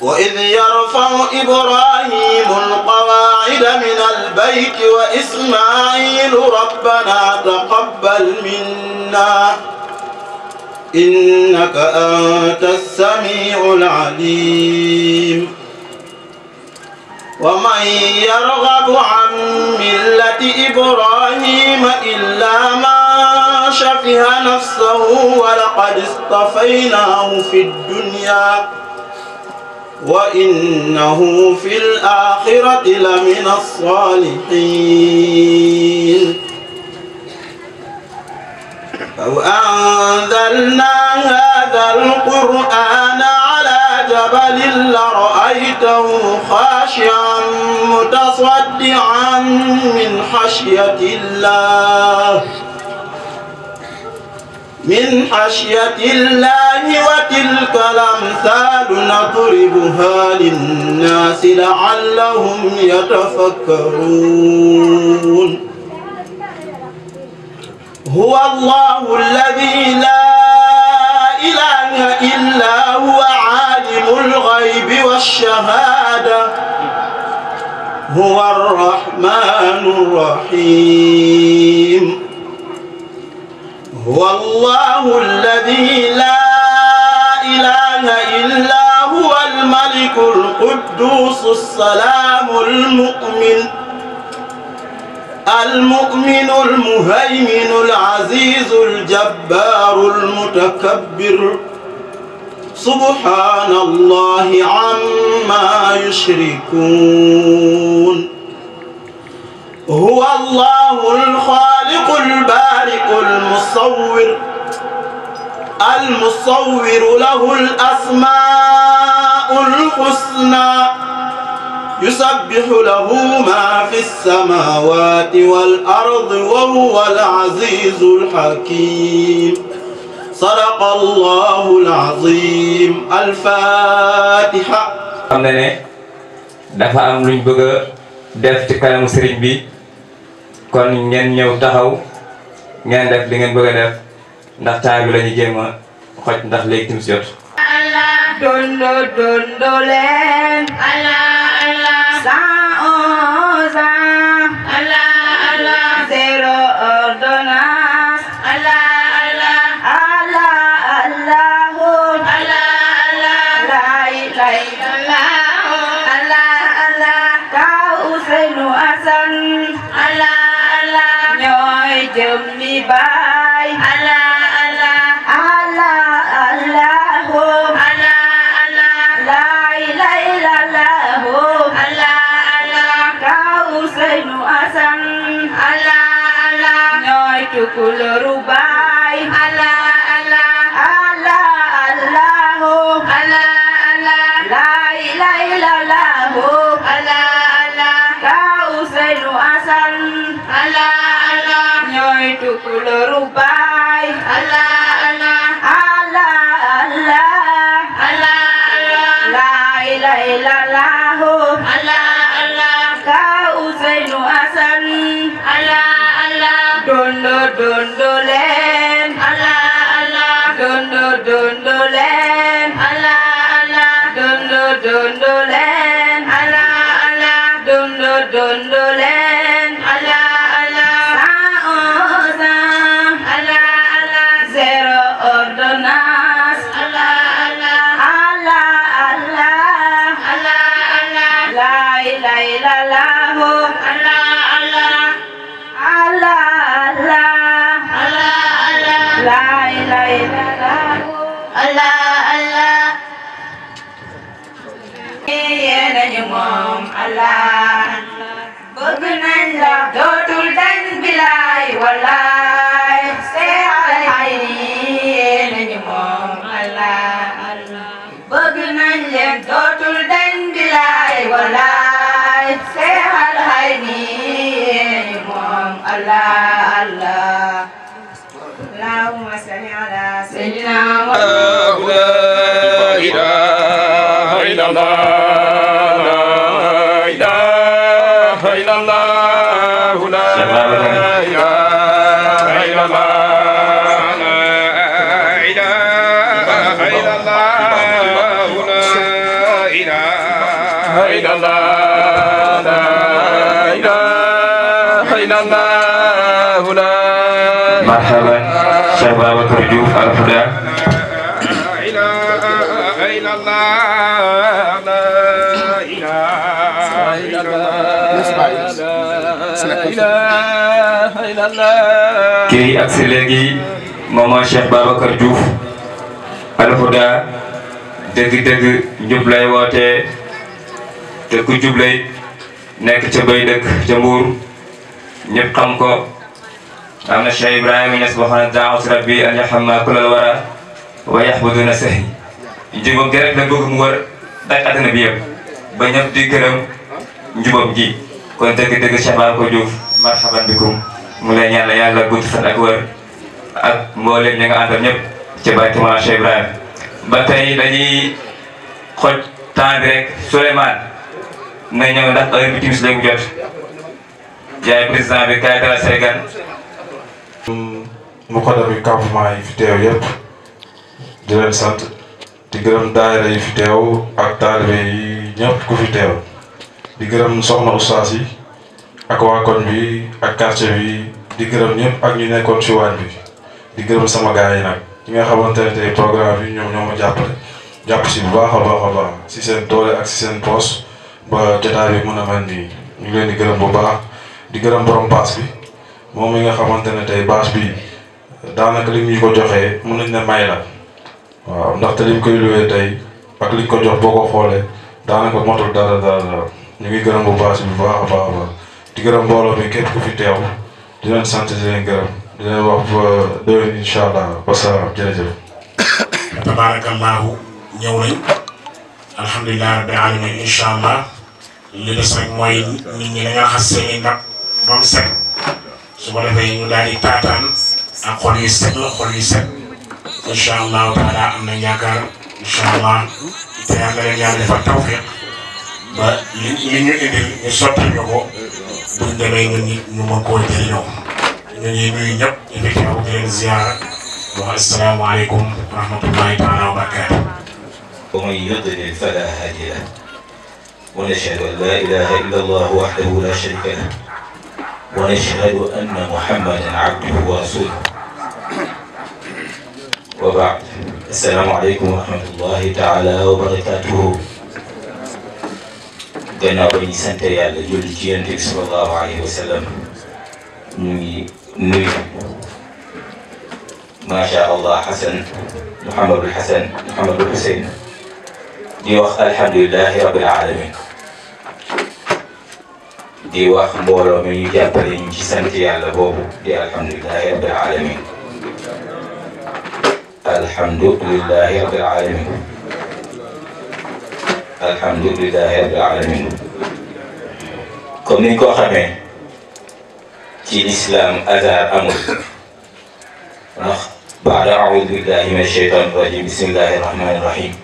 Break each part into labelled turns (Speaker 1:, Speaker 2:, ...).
Speaker 1: وإذ يرفع إبراهيم القواعد من البيت وإسماعيل ربنا تقبل منا إنك أنت السميع العليم ومن يرغب عن ملة إبراهيم إلا ما شفه نفسه ولقد اصطفيناه في الدنيا وإنه في الآخرة لمن الصالحين أو أنزلنا هذا
Speaker 2: القرآن
Speaker 1: على جبل لرأيته خاشعا متصدعا من خشية الله من حشية الله وتلك الأمثال نضربها للناس لعلهم يتفكرون هو الله الذي لا إله إلا هو عالم الغيب والشهادة هو الرحمن الرحيم هو الله الذي لا إله إلا هو الملك القدوس السلام المؤمن المؤمن المهيمن العزيز الجبار المتكبر سبحان الله عما يشركون هو الله الخالق البارق المصور المصور له الأسماء الحسنى يسبح له ما في السماوات والأرض وهو العزيز الحكيم صدق الله العظيم الفاتحة.
Speaker 3: kon ñen ñew taxaw ñen def li ngeen bëgg def ndax taay bi lañu ñu jéem a xoj ndax léegi timis jot.
Speaker 2: Allah do don do len Allah. كل رباعي هلا هلا هلا الله هلا هلا لا إله إلا الله هلا هلا كأوسين أسن هلا هلا نويت كل رباعي هلا هلا wala bëgg nañ la dootul dañ bilaay wala see ay yéenañu moom ala bëgg nañ leen dootul dañ bilaay wala see ay yéenañu moom ala ala allahumma salli ala sayyidina
Speaker 4: إلى الله
Speaker 1: لا
Speaker 3: مرحبا شيخ بابكر جوف الهدى إلى إلى الله لا
Speaker 4: إله
Speaker 3: إلا الله kii ak si léegi moom mooy Cheikh Babacar Diouf alxuda dëgg-dëgg njub lay wootee te ku jub nekk ca bay ca mbuur ñëpp xam ko am na Cheikh Ibrahima Niass boo xam ne daawatu rabbi an yaxamma kullal wara wa yaxbuduna sahi njubam gi rek la bëgg mu wër daj àddina bi ba ñëpp di gërëm njubam gi kon dëgg-dëgg Cheikh Bara Kothie Diouf bikum mu lay ñaan la yàlla gudd ak wër ak mboolem ñi nga àndal ñëpp ci barke Mawla Cheikh Ibrahima ba tey dañuy xoj temps rek Souleymane na ñëw ndax heure bi timis léegi yaay président bi kaay dara say gan.
Speaker 5: muqaddam yi campement yi fi teew yëpp di leen sant di gërëm daayira yi fi teew ak taalibe yi ñëpp ku fi teew di gërëm soxna ustaas yi ak waa koñ bi ak quartier bi di
Speaker 6: gërëm ñëpp ak ñu nekkoon ci waañ bi di gërëm sama gars yi nag ñi nga xamante ne tey programme bi ñoom ñoo ma jàppale jàpp si bu baax a baax a baax si seen doole ak si seen poos
Speaker 5: ba jotaay bi mën a mel ñu ngi leen di gërëm bu baax. di gërëm borom baas bi moom mi nga xamante ne tey baas bi daanaka li ñu ko joxee mën nañ ne may la waaw ndaxte lim koy luwee tey ak li ko jox boo ko xoolee daanaka motul dara dara dara ñu ngi gërëm bu baas bi bu baax a baax a baax di gërëm mbooloo bi képp ku fi teew di leen sant di leen gërëm di leen wax ba déwén incha allah wasalaam jërëjëf.
Speaker 6: tabaarakallaahu ñëw nañ alhamdulilah rabbil alamin incha allah li des rek mooy nit ñi dañoo xas seen ba mu set su ko defee ñu daal di taataan ak xol yu set la xol yu set incha allahu taala am na yaakaar incha allah te yàlla leen yàlla defal tawfiq ba li li ñu indil ñu sottal ñu ko buñ demee ñun ñu mën koo jëriñoo
Speaker 7: ñu ngi nuyu ñëpp ñu fi teew di leen ziara wa asalaamaaleykum wa rahmatullahi taala wa barakaatu. ومن يضلل فلا هادي له ونشهد ان لا اله الا الله وحده لا شريك له ونشهد أن محمدا عبده ورسوله وبعد السلام عليكم ورحمة الله تعالى وبركاته جنا بني سنتي على جل جيانتك صلى الله عليه وسلم نوي نوي ما شاء الله حسن محمد الحسن محمد الحسين دي وقت الحمد لله رب العالمين di wax mbolo mi ñu jàppale ñu ci sant yàlla bobu di alhamdulilahi rabbil alamin alhamdulilahi rabbil alamin alhamdulilahi rabbil alamin comme ni ko xamé ci lislaam azar amul ndax baada audu billahi min asheytan irajim bismillahi irrahmani irrahim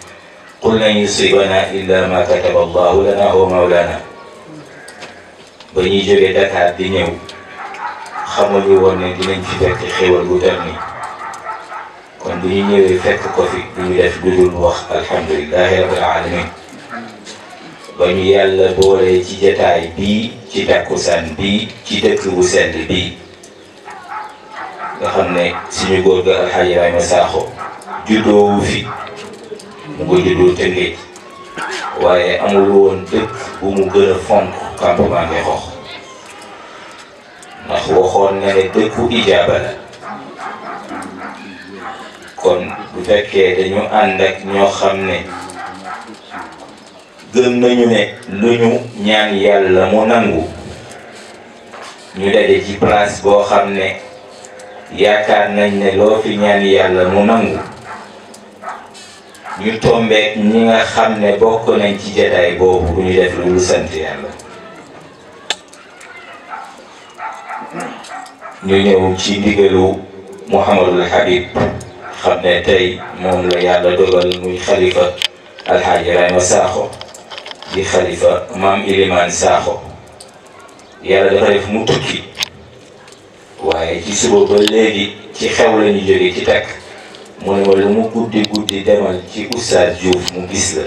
Speaker 7: قل لن يصيبنا إلا ما كتب الله لنا هو مولانا بني جري دكار دينيو خمولي ورني دينين في فتك خيوال ودرني كون بني جري فتك كوفي بني دف قدون وخ الحمد لله رب العالمين بني يال بوري جي جتاي بي جي تاكوسان بي جي تاكوسان بي نخمني سيني غورغ الحاجة راي مساخو جدو في مغو جدو تنجي waye amul won dekk bu mu gëna fonk kàddu baa ngay xoox ndax waxoon dëkku ijaaba kon bu fekkee dañu ànd ak ñoo xam ne gën nañu ne lu ñu ñaan yàlla mu nangu ñu daje ci place boo xam ne yaakaar nañ ne loo fi ñaan yàlla mu nangu ñu tombeek ñi nga xam ne bokk nañ ci jataay boobu bu ñu def lu sant yàlla ñu ñëw ci ndigalu Mouhamadul Habib xam ne tey moom la yàlla dogal muy xalifa Alxaaji Rayma Sakho di xalifa maam Ilimaan Sakho yàlla dafa def mu tukki waaye ci suba ba léegi ci xew la ñu jógee ci takk mu ne lu mu guddi guddi demal ci Oustaz Diouf mu gis la.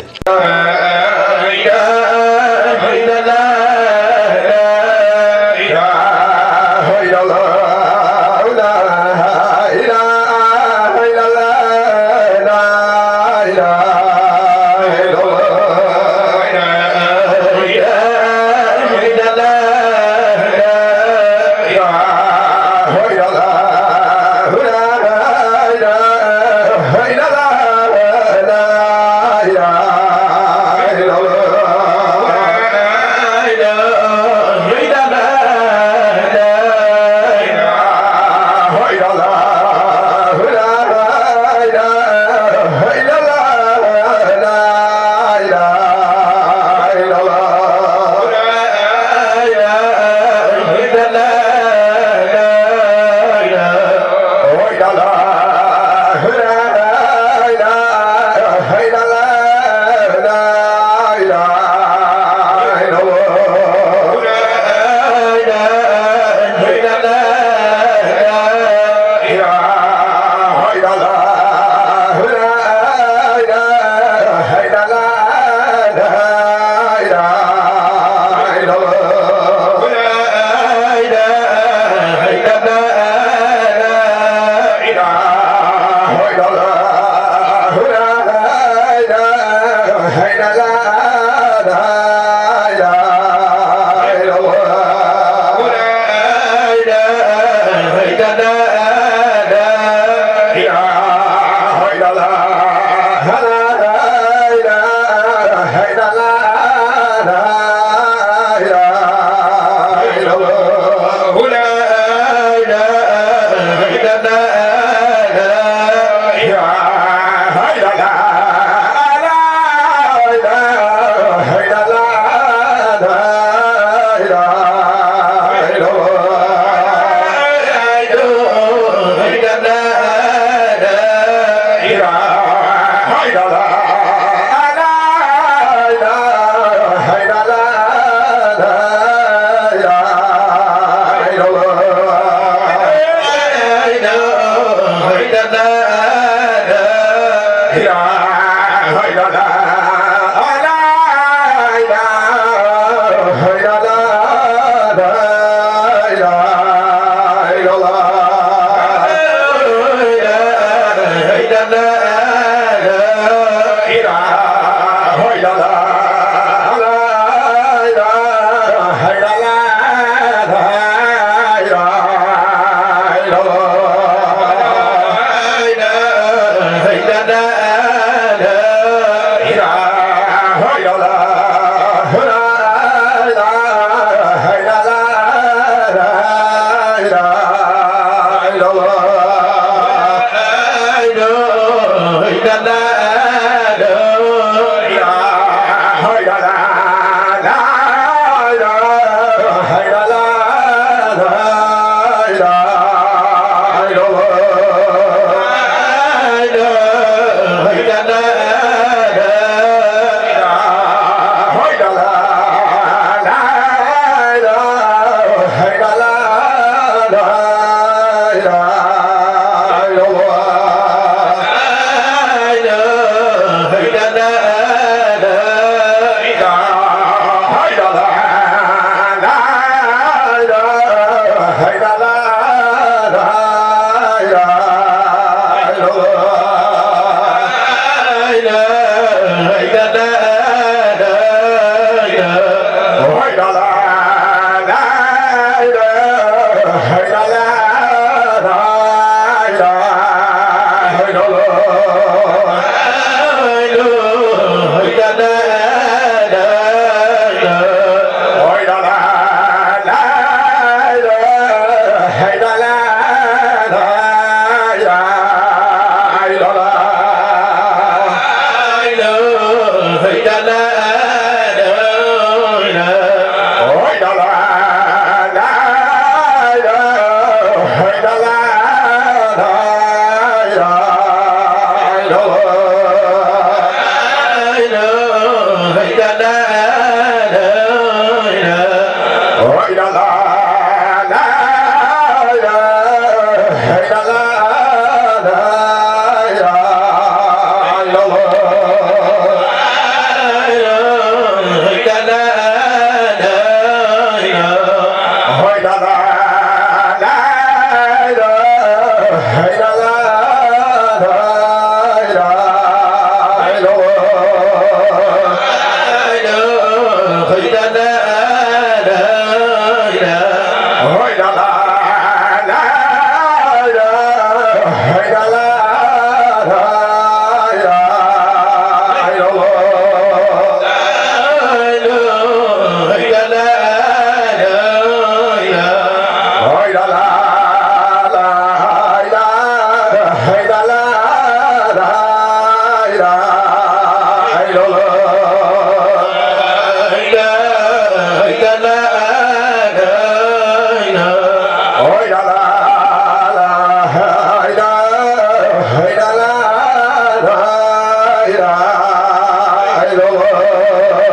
Speaker 1: إله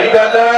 Speaker 1: إلا الله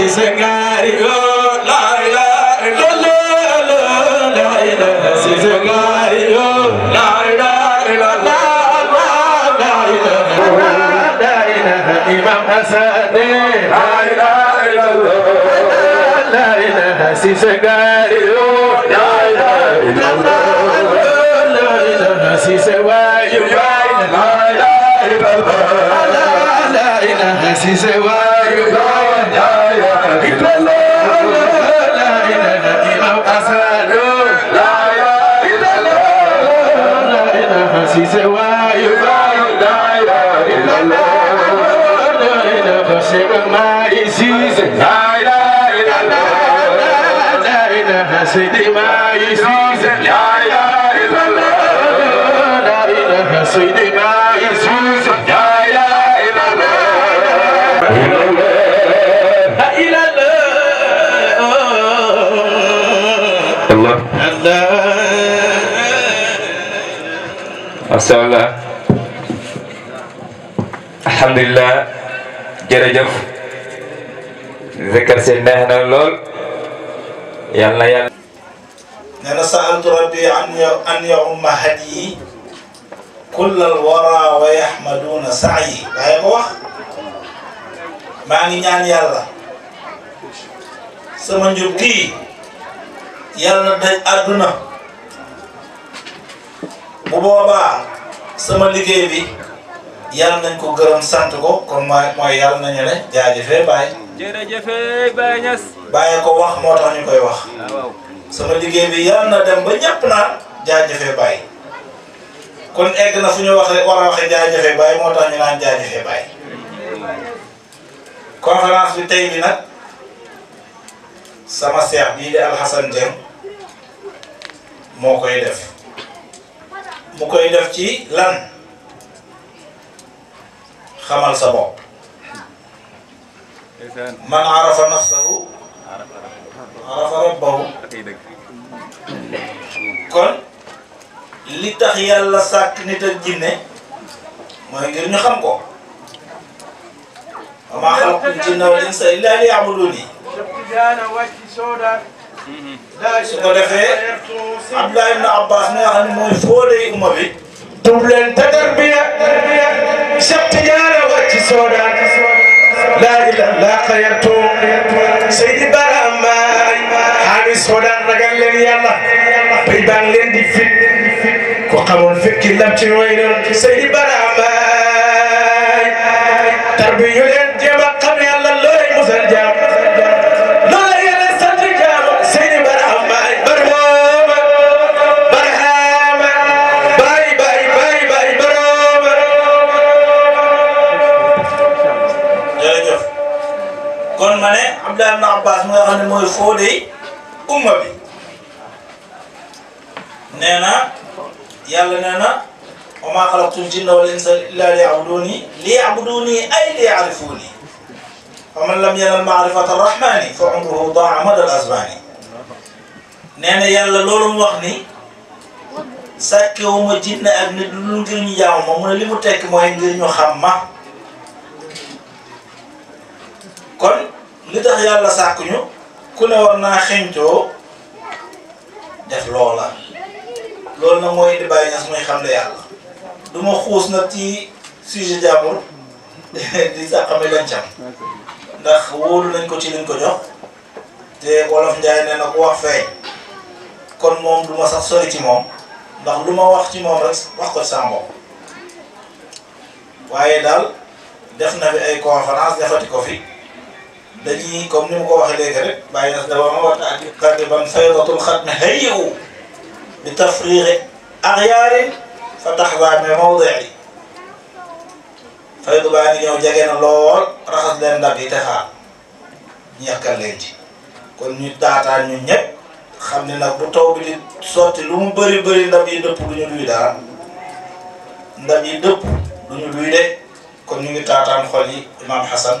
Speaker 1: si said, why la la la la la la si la la la la la la si la la si la la si la سيدي ما يسوس لا اله
Speaker 8: الا الله لا اله
Speaker 1: سيدي ما
Speaker 3: macha allah alhamdulilah jërëjëf zikar si neex na lool yàlla yàlla
Speaker 5: nee na saaltu rabbi an ya an ya umma hadiyi kullal wara wa yahmaduuna saayi waaye ko wax maa ngi ñaan yàlla sama njub gii yàlla daj àdduna bu boobaa sama liggéey bi yàlla nañ ko gërëm sant ko kon mooy mooy yàlla nañu ne jaajëfee Baye. jërëjëfee Baye ko wax moo tax ñu koy
Speaker 8: wax. Ah,
Speaker 5: sama liggéey bi yàlla na dem ba ñëpp naan jaajëfee Baye. kon egg na fu ñu wax rek war a waxee jaajëfee Baye moo tax ñu naan jaajëfee Baye. conférence bi tey bi nag sama seex bii di Alxasan Dieng moo koy def. مكوي دفتي لان خمال سبو من عرف نفسه عرف ربه كون لي تخ يالا ساك نيتا جيني ما غير ني خام وما خلق الجن والانس الا ليعبدوني
Speaker 1: شفت جانا وجهي سودا su ko defee Abdoulaye
Speaker 5: ibn Abbas mi nga xam ne mooy fóodee umma bi. tuub leen te
Speaker 1: tarbiya Cheikh Tidiane wàcc Soodaan laa ilaha laa xayartu Seydi Bara Ambaay xaami Soodaan ragal leen yàlla bay baan leen di fit ko xamoon fekki lam ci roy doon Seydi Bara Ambaay
Speaker 5: Abdullah ibn Abbas mu nga xam ne mooy fóodey umma bi nee na yàlla nee na wa maa xalaqtul jinna wal insa illaa liya'buduuni liya'buduuni ay liya'rifuuni fa man lam yanal maarifata rahmaani fa umruhu daa madal azmaani nee na yàlla loolu mu wax ni sàkkewuma jinne ak nit lu ngir ñu jaamu ma mu ne li mu tekk mooy ngir ñu xam ma kon li tax yàlla sàkkuñu ku ne war naa xencoo def loola loolu na mooy di bàyyi ñas muy xam ne yàlla du ma xuus na ci sujet jàmbur di sàqami lencam ndax wóolu nañ ko ci liñ ko jox te wolof njaay nee na ku wax feeñ kon moom du ma sax sori ci moom ndax lu ma wax ci moom rek wax ko sa mbokk waaye daal def na fi ay conférence defati ko fi dañuy comme ni ma ko waxee léegi rek bàyyi nas dawama waxta ak qariban faydatul xatmi hayyahu bi tafriqi axyaarin fa taxzaa min mawdii faydu baa ngi ñëw jege na lool raxas leen ndab yi te xaar ñekkal leen ci kon ñu taataan ñu ñëpp xam ne nag bu taw bi di sotti lu mu bëri bëri ndab yi dëpp du ñu luy de kon ñu ngi taataan xol yi imaam Xasan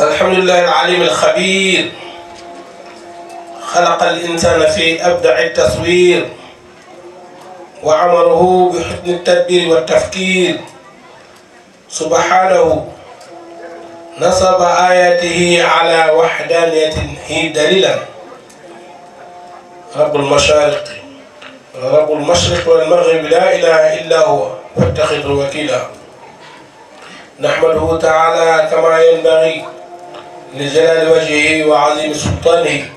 Speaker 5: الحمد لله العليم الخبير خلق الإنسان في أبدع التصوير وعمره بحسن التدبير والتفكير سبحانه نصب آياته على وحدانية هي دليلا رب المشارق رب المشرق والمغرب لا إله إلا هو واتخذ وكيلا نحمده تعالى كما ينبغي لجلال وجهه وعظيم سلطانه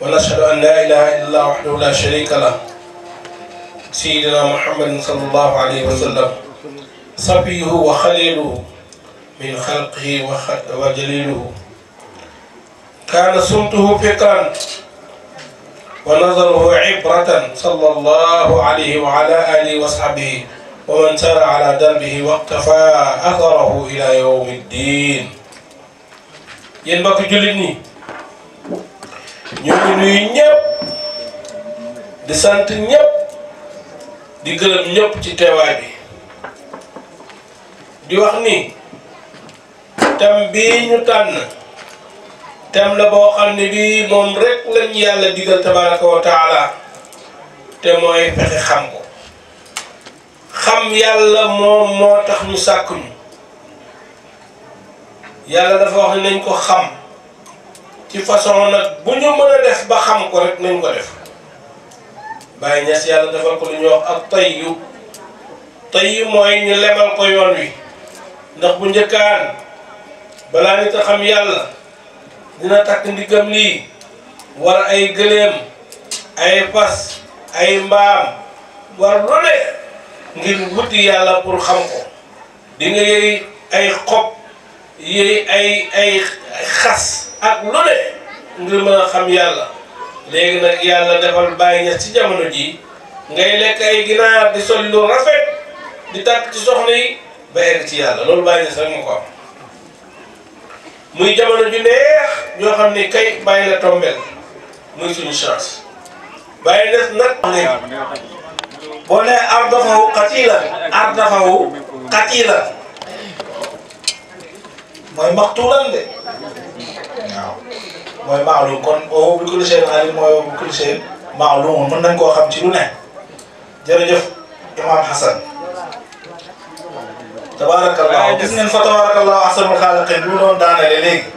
Speaker 5: ونشهد أن لا إله إلا الله وحده لا شريك له سيدنا محمد صلى الله عليه وسلم صفيه وخليله من خلقه وجليله كان صمته فكرا ونظره عبرة صلى الله عليه وعلى آله وصحبه ومن سار على دربه واقتفى أثره إلى يوم الدين yen mbokk julit ni ñu ngi nuyu ñëpp di sant ñëpp di gërëm ñëpp ci teewaay bi di wax ni tam bii ñu tànn thème la boo xam ne bii moom rek lañ yàlla digal tabaraka wa taala te mooy fexe xam ko xam yàlla moom moo tax ñu sàkkuñu yalla dafa wax nañ ko xam ci façon nak buñu mëna def ba xam ko rek nañ ko def Baye Niass yalla defal ko luñu wax ak tayyu yu moy ñu lemal ko yoon wi ndax bu njëkkaan bala ni ta xam yalla dina tak ndigam lii war ay geleem ay pass ay mbam war lu ngir wuti yalla pour xam ko di nga yëy ay xop yooyu ay ay xas ak lu ne ngir mën xam yàlla léegi nag yàlla defal bàyyi ña ci jamono ji ngay lekk ay ginaar di sol lu rafet di tàkk ci soxna yi ba egg ci yàlla loolu bàyyi ña rek mu ko am muy jamono ju neex ñoo xam ne kay bàyyi la tombel muy suñu chance bàyyi des nag ne boo nee ardafahu qatilan ardafahu qatilan mooy maxtuulan de waaw mooy maalum kon woowu bi kulli seen alim mooy woowu nañ koo xam ci lu ne jërëjëf imam Hassan tabarakallah gis ngeen fa tabarakallah ahsanul xaaliqiin bu doon daanale léegi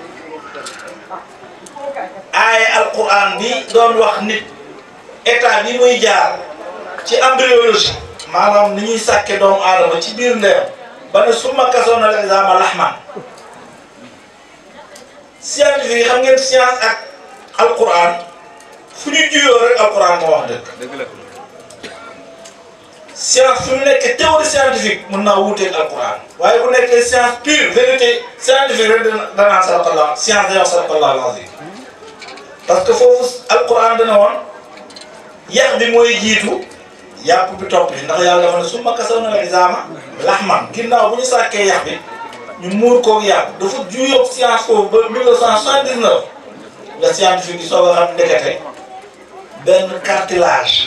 Speaker 5: aaya alquran bi doon wax nit état bi muy jaar ci embryologie maanaam ni ñuy sàkke doomu aadama ci biir ndeyam ba ne summa kasoona al scientifique yi xam ngeen science ak alquran fu ñu juyoo rek alquran moo wax dëgg. dëgg la science fu mu nekk théorie scientifique mën naa wuuteeg alquran. waaye bu nekkee science pure vérité scientifique rek dana danaa sadaqallah science day wax sadaqallah al-azim parce que foofu alquran dana woon yàq bi mooy jiitu. yàpp bi topp ndax yàlla dafa ne su ma kasaw na la izaama laxman ginnaaw bu ñu sàkkee yàq bi. ñu muur koog yàgg dafa juyoo science foofu ba 1979 la scientifique yi soog a xam ndekete benn cartilage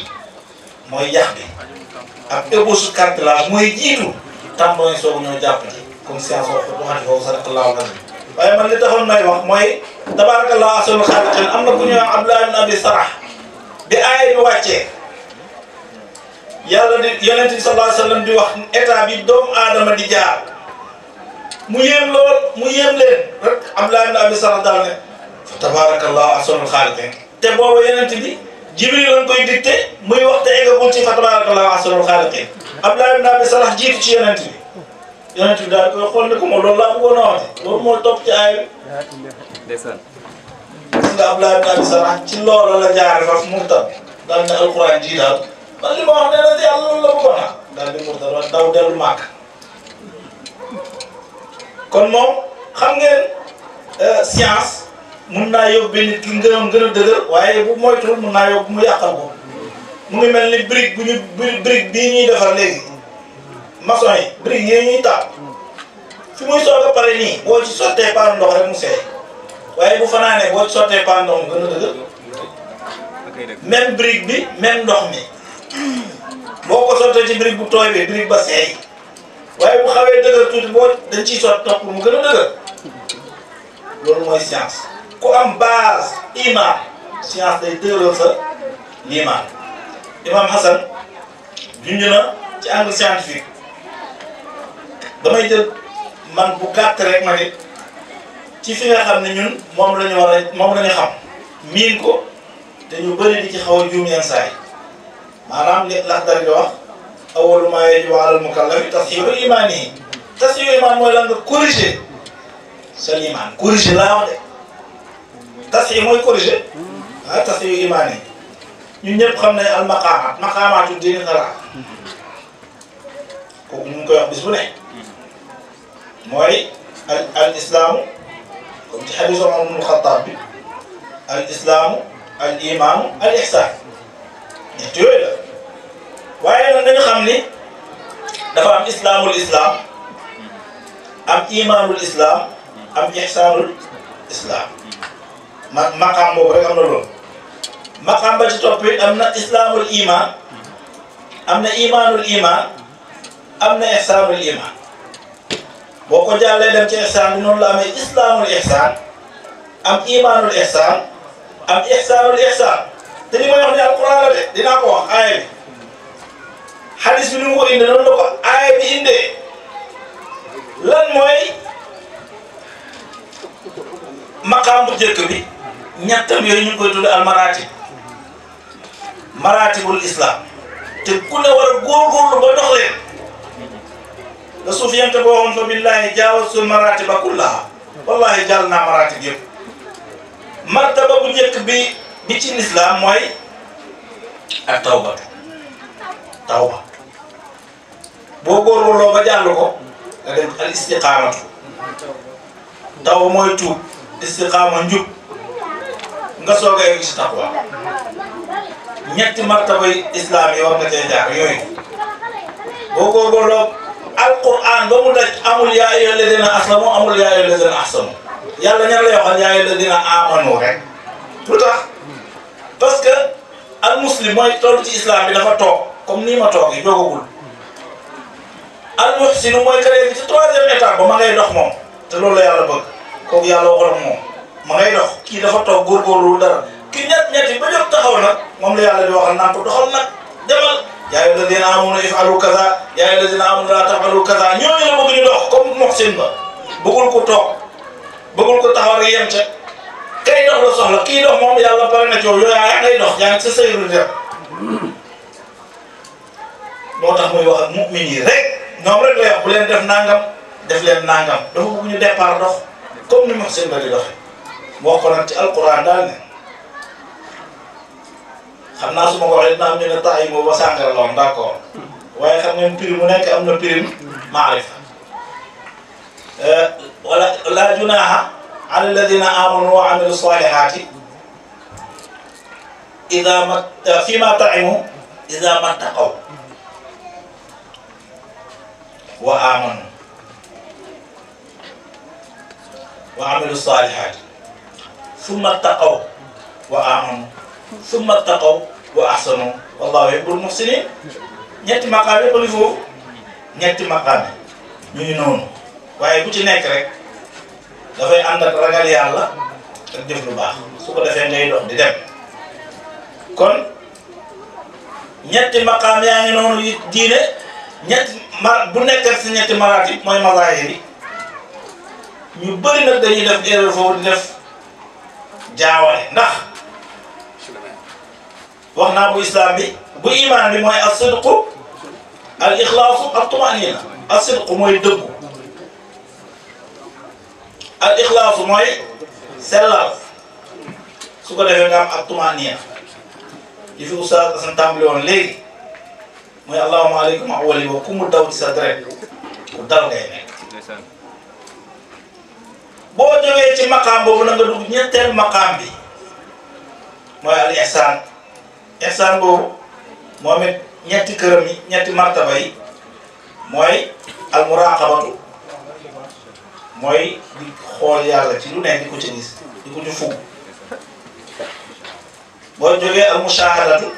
Speaker 5: mooy yax bi ak ébauche cartilage mooy jiitu tendon yi soog ñoo jàpp ci comme science wax waxati foofu sadaqallaahu l-aziim waaye man li taxoon may wax mooy tabaarakallaahu ahsanul xaaliqiin am na ku ñuy wax Abdullah ibn Sarah bi aaya bi wàccee yàlla di yonent bi sallallaahu alayhi wa sallam di wax doomu aadama di jaar. mu yéem lool mu yéem leen rek Abdoulaye ibn Abi Salih daal ne fa
Speaker 9: tabarakallah ahsanul xaaliqiin
Speaker 5: te boobu yeneen bi Jibril lañ koy dicté muy wax te eggagul ci fa tabarakallah ahsanul xaaliqiin Abdoulaye ibn Abi Salih jiitu ci yeneen bi yeneen bi daal koy xool ne ko moom loolu laa bëggoon a wax loolu moo topp ci aay ndeysaan gis nga Abdoulaye ibn la jaare faf murtad daal ne alquran jii daal man li ma wax ne la yàlla loolu la bëggoon a daal di murtad daw dellu màkk kon moom xam ngeen euh, science mun naa yóbbu nit ki ngërëm gën a dëgër waaye bu moytuwul mun naa yóbbu mu yàqal ko mu ngi mel ni brique bu ñu brique bii ñuy defar léegi maçon yi brique yi ñuy taal fi muy soog a pare nii boo ci sottee paanu ndox rek mu seey waaye bu fanaanee boo ci sottee paanu ndox mu gën a
Speaker 8: dëgër
Speaker 5: même bi même ndox mi boo ko sottee ci brique bu tooy bi brique ba seey. waaye bu xawee dëgër tuuti boo dañ ciy sot topp mu gën a dëgër loolu mooy science ku am base iman science day dëgëral sa liman imam Hassan junj na ci angle scientifique damay jël man bu gàtt rek ma nit ci fi nga xam ne ñun moom la ñu war a moom la xam miin ko te ñu bëri di ci xaw a juum yenn saa yi maanaam li lax dara di wax awwalu maa yajibu alal mukallafi tasxiiru imaanihi tasxiiru imaan mooy lan nga corriger sa imaan corriger laa wax de tasxiir mooy corriger ah tasxiiru imaan yi ñun ñëpp xam nañ al maqaamaat maqaamaatu diini xalaat kooku ñu ngi koy wax bis bu ne mooy al al islaamu comme ci xadiis Omar ibn Xattaab bi al islaamu al imaamu al ixsaan ñett yooyu la. waaye nag dañu xam ni dafa am islaamul islaam am imaanul islaam am ihsaanul islaam ma maqaam boobu rek am na loolu maqaam ba ci toppit am na islaamul iman am na imaanul iman am na ihsaanul iman boo ko jàllee dem ci ihsaan bi noonu la amee islaamul ihsaan am imaanul ihsaan am ihsaanul ihsaan te li may wax ne alquran la de dinaa ko wax aaya xadis bi ni mu ko indee aaya bi indee lan mooy maqaam bu njëkk bi ñettam yooyu ñu koy tudde al maraati maraatibul islam te ku ne war a góorgóorlu ba dox leen la suuf yente boo waxoon fa billahi jaawasul maratiba kullaha wallahi jàll naa maratib yëpp martaba bu njëkk bi bi ci lislaam mooy ak tawbatu tawba boo góorgóorloo ba jàng ko nga dem al mooy tuub istiqaama njub nga soog a yegg si ñetti martabay islam yi nga cee jaar yooyu boo góorgóorloo alquran ba mu daj amul yaa ayyuha alladina aslamu amul yaa ayyuha alladina ahsanu yàlla tax parce que al muslim mooy toll ci islam bi dafa toog comme nii ma toog yi jógagul al muhsinu mooy créé ci troisième étape ba ma dox moom te loolu la yàlla bëgg kooku yàlla waxul ak moom ma dox kii dafa toog góorgóorlu dara ki ñett ñetti ba jóg taxaw nag moom la yàlla di waxal naan ko doxal nag demal yaa ayyuha allazina amanu ifalu kaza yaa ayyuha allazina amanu la tafalu kaza ba bëggul ko toog bëggul ko taxaw rek yem ca kay dox la soxla kii dox moom yàlla pare na ci yow yaa ngay dox yaa ngi sa sayru dem moo tax muy wax ak mu'min yi rek ñoom rek lay wax leen def nangam def leen nangam dafa bëgg ñu départ dox comme ni mu wax seen bëri doxe moo ko nag ci daal ne xam naa ma ko waxee dina am ñu ne taay boobu ba sàngara la woon d' waaye xam ngeen prix mu nekk am na prix maarifa eh, wala la junaha ala alladina amanu wa amilu ma fi ma taimu ida ma taqaw wa amanu wa amilu salihat summa taqaw wa amanu summa taqaw wa ahsanu wallahu yuhibbul muhsinin ñetti maqaame ko li foofu ñetti maqaame ñu ngi noonu Allah ku ci nekk rek dafay ànd ak ragal ak def lu su ko ngay dox di dem kon ñetti maqaam yaa ngi diine mara bu nekkee si ñetti maraatib mooy mazaahir yi ñu bëri nag dañuy def erreur foofu di def jaawale ndax wax naa bu islam bi bu iman bi mooy as-sidqu al ixlaasu ak tumaanina as-sidqu mooy dëggu al ixlaasu mooy sellal su ko defee nga am ak fi Oustaz Assane tàmbali woon léegi. mooy allahumma aleykum awali wa daw ci sa deret bu dal ngay
Speaker 8: nekk
Speaker 5: boo jógee ci maqaam boobu na nga dugg ñetteel bi mooy al ihsaan ihsaan boobu moom it ñetti këram yi ñetti martaba yi mooy al muraqabatu mooy di xool yàlla ci lu nekk di ko ci gis di ko ci fugg boo jógee al mushahadatu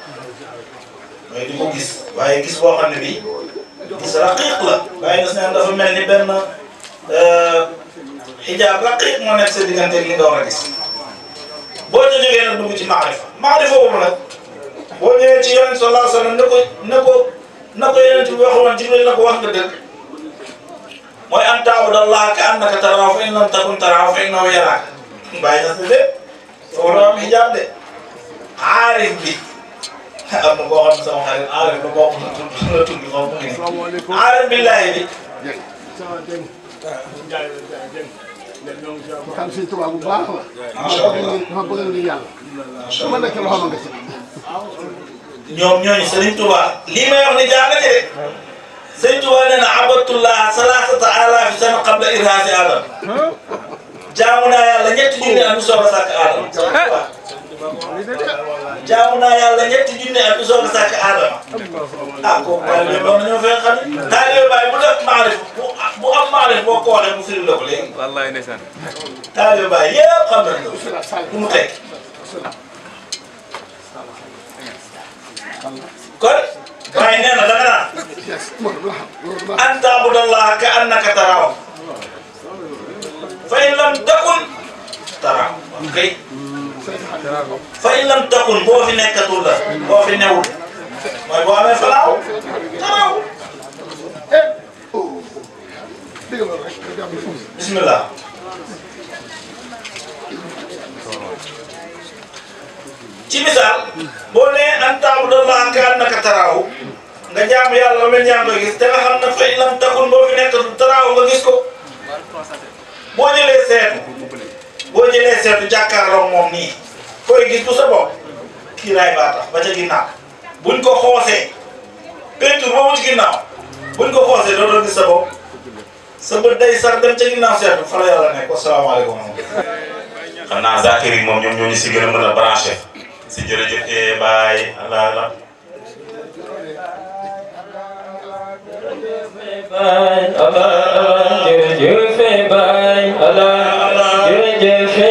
Speaker 5: mooy di ko gis waaye gis boo xam ne bi gis raqiq la waaye gis neen dafa mel ni benn euh, xijaab raqiq moo nekk sa diggante li nga war gis boo ca jógee nag dugg ci maarifa maarifa boobu nag boo ñëwee ci yonent sallallahu alayhi wa sallam na ko na ko na ko yonent bi waxoon Jibril na ko wax nga dëgg mooy an ta'budallaha ka annaka taraahu fa in lam takun taraahu fa innahu yaraaka bàyyi na sa de soo war a am xijaab de aarif bi am na koo xam ne sama xarit aarab la bokk na tudd la tudd moom mu ngi nii aarab bi laay bi.
Speaker 4: xam si tubaab bu baax la. macha allah ma bëgg ni yàlla. macha allah ma nekk loxo nga ci.
Speaker 5: ñoom ñooñu Serigne Touba lii may wax ni jaar na ci de. Serigne Touba nee na abadtullah salaasata alaafi sana qabla irhaasi Adam jaamu naa yàlla ñetti junni am soog a sàkk Adam. jaamu naa yàlla ñetti junne ak soog a sàkk aadama ah kooku bàyyi bi moom fee xam ne taalibe bàyyi bu def maarif bu bu ko waxee mu firi la ko léegi. wallaay ndeysaan. taalibe bàyyi yëpp xam nañ ko bu mu teg kon bàyyi nee na danga naan an taabudallaha ka fa in lam takun taraaw kay. fa in lam takun boo fi nekkatul la boo fi newul mooy boo amee falaaw taraaw bismillah ci misaal boo nee an taabudallaaha kaannaka taraaw nga jaamu yàlla mel ni yaa gis te nga xam ne fa in lam takun boo fi nekkatul taraaw nga gis ko boo jëlee seet boo jëlee seetu jàkkaarloog moom nii koy gis bu sa bopp kiiraay baa ba ca ginnaaw buñ ko xoose peinture boobu ci ginnaaw buñ ko xoosee doo doon gis sa bopp sa bët day sar dem ca ginnaaw seetu fa la yàlla nekk wasalaamaaleykum.
Speaker 6: xam naa Zakir moom ñoom si gën a a branché si jërëjëf eh baay allah allah.
Speaker 3: Eh, baay allah. que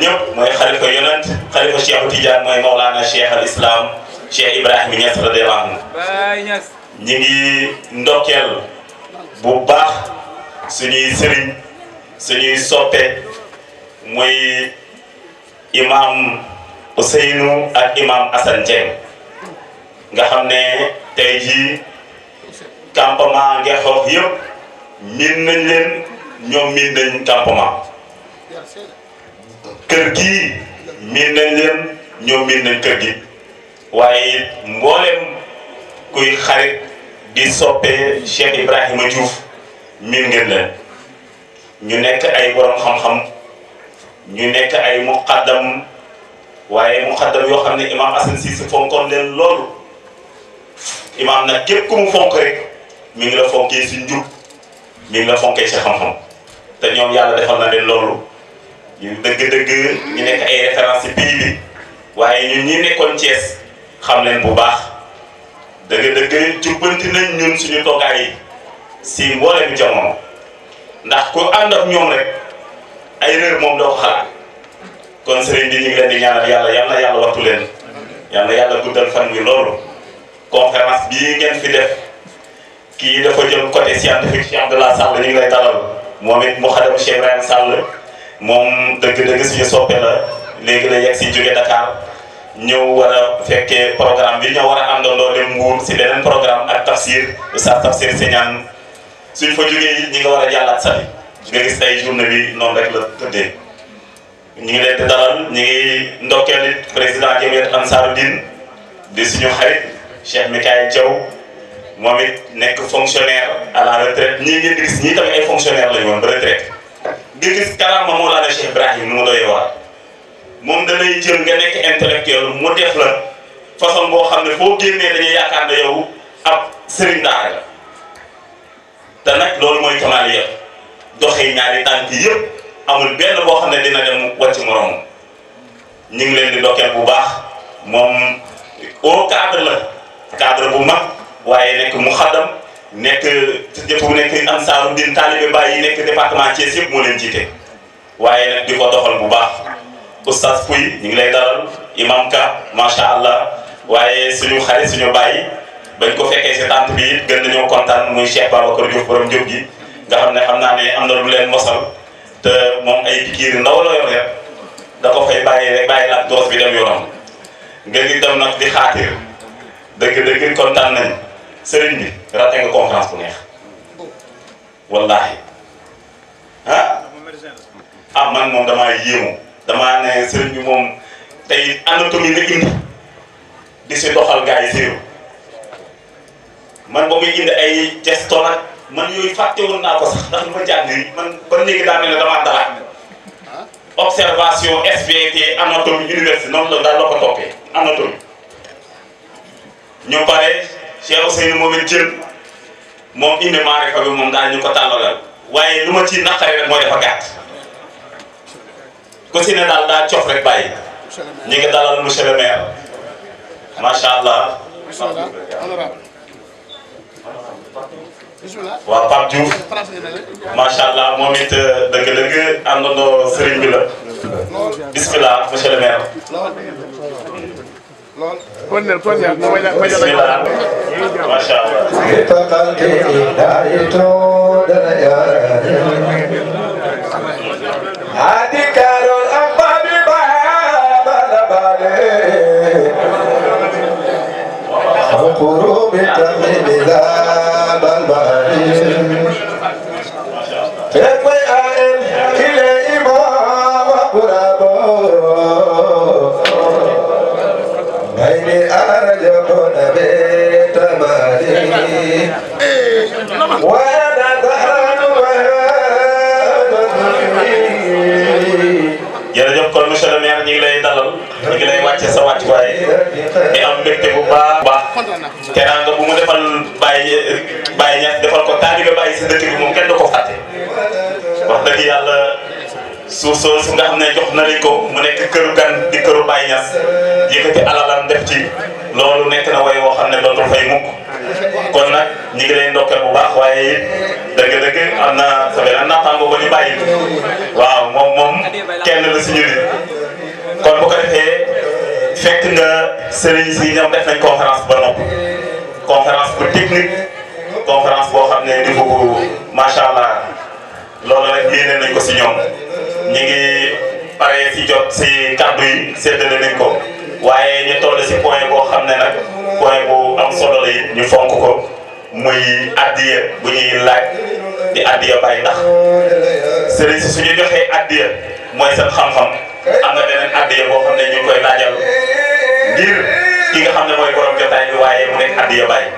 Speaker 6: ñaar ñëpp mooy xalifa yonent xalifa cheikhu Tidiane mooy Maulana cheikh al islam cheikh Ibrahima Niass radiyallahu anhu ñi ngi ndokkeel bu baax suñuy sëriñ suñuy soppe muy imam Ousseynou ak imam Assane nga xam ne tey jii campement Ngexoox yëpp miin leen ñoom miin nañ kër gii miin nañ leen ñoom miin nañ kër gi waaye it kuy xarit di soppee Cheikh Ibrahima Diouf miin ngeen leen ñu nekk ay borom xam-xam ñu nekk ay muqaddam waaye muqaddam yoo xam ne imaam Assane Cissé fonkoon leen loolu imaam nag képp ku mu fonk rek mi ngi la fonkee si njub mi ngi la fonkee si xam-xam te ñoom yàlla defal na leen loolu. ñun dëgg-dëgg ñu nekk ay référence ci pays bi waaye ñun ñi nekkoon cees xam leen bu baax dëgg-dëgg jubbanti nañ ñun suñu toggaay yi si mbooleem jamono ndax ku ànd ak ñoom rek ay réer moom doo ko xalaat kon sëriñ bi yàlla yàlla wattu leen yal yàlla guddal fan wi loolu conférence bii ngeen fi def kii dafa jël côté scientifique Cheikh Abdallah Sall ñu ngi dalal moom it mu xadam Cheikh Ibrahima Sall moom dëgg-dëgg suñu soppe la léegi la yegg si jóge Dakar ñëw war a fekkee programme bi ñoo war a àndandoo dem Mbour si beneen programme ak tafsir sa tafsir Séñaan suñ fa jógee ñi nga war a jàllaat sali nga gis ay journée bi noonu rek la tëddee ñu ngi leen di dalal ñu ngi ndokkeel it président Jamiat Ansaarudine di suñu xarit Cheikh Mikaye Diaw moom it nekk fonctionnaire à la retraite ñii ngeen di gis ñii tamit ay fonctionnaire la ñu woon ba nga gis kalaama Mawlana Cheikh Ibrahim mu doy waar moom danay jël nga nekk intellectuel mu def la façon boo xam ne foo génnee dañuy yaakaar ne yow ab sëriñ daara la te loolu mooy kamaal yëpp doxee ñaari tànk yëpp amul benn boo xam ne dina dem wàcc moroom ñu ngi leen di dokkeel bu baax moom au cadre la cadre bu mag waaye nekk mu xadam nekk jëpp bu nekk ansaaru din taalibe Baay yi nekk département Thiès yëpp moo leen jiite waaye nag di ko doxal bu baax oustaz Pouy ñu ngi lay dalal imam Ka macha allah waaye suñu xarit suñu Baay bañ ko fekkee si tante bi it gën nañoo kontaan muy Cheikh Babacar Diouf borom Diop gi nga xam ne xam naa ne am na lu leen mosal te moom ay pikiir ndaw la rek da ko fay bàyyi rek bàyyi la ak bi dem yoonam ngeen ngi dem nag di xaatir dëgg-dëgg kontaan sëriñ bi raté nga conférence bu neex wallaahi ah ah man moom damaa yéemu damaa ne sëriñ bi moom tey anatomie nga indi di si doxal gars yi séeru man ba muy indi ay gesto man yooyu fàtte naa ko sax ndax lu ma jàng man ba léegi daa mel ne damaa dalaat observation SVT anatomie université noonu la daal la ko toppee anatomie ñu pare. Cheikh Ousseynou Momine Dieng moom indi maarifa bi moom daal ñu ko tàllalal waaye lu ma ci naqare rek mooy dafa gàtt ku ne daal daa cof rek bàyyi ñu ngi dalal monsieur le maire macha allah. waaw Pape Diouf macha allah moom it euh, dëgg-dëgg àndandoo sëriñ bi la
Speaker 4: bisimilah monsieur le lool kon nag kon nag ma jàllale. macha allah.
Speaker 1: قروب تغيب
Speaker 6: soosu nga xam ne jox na leen ko mu nekk këru gan di këru Baye Niass yëkkati alalam def ci loolu nekk na way woo xam ne dootul fay mukk kon nag ñu ngi leen ndokkeel bu baax waaye it dëgg-dëgg am na waaw moom moom kenn la si ñu kon bu ko defee fekk nga sëriñ si def nañ conférence ba nopp conférence bu technique conférence boo xam ne niveau bu macha allah loolu rek yéene nañ ko si ñoom. ñu ngi pare si jot si kàddu yi séddale nañ ko waaye ñu toll si point boo xam ne nag point bu am solo la ñu fonk ko muy addiya bu ñuy laaj di addiya bàyyi ndax sëriñ si suñu joxee addiya mooy seen xam-xam am na beneen addiya boo xam ne ñu koy laajal ngir ki nga xam ne mooy borom jotaay bi waaye mu nekk addiya bàyyi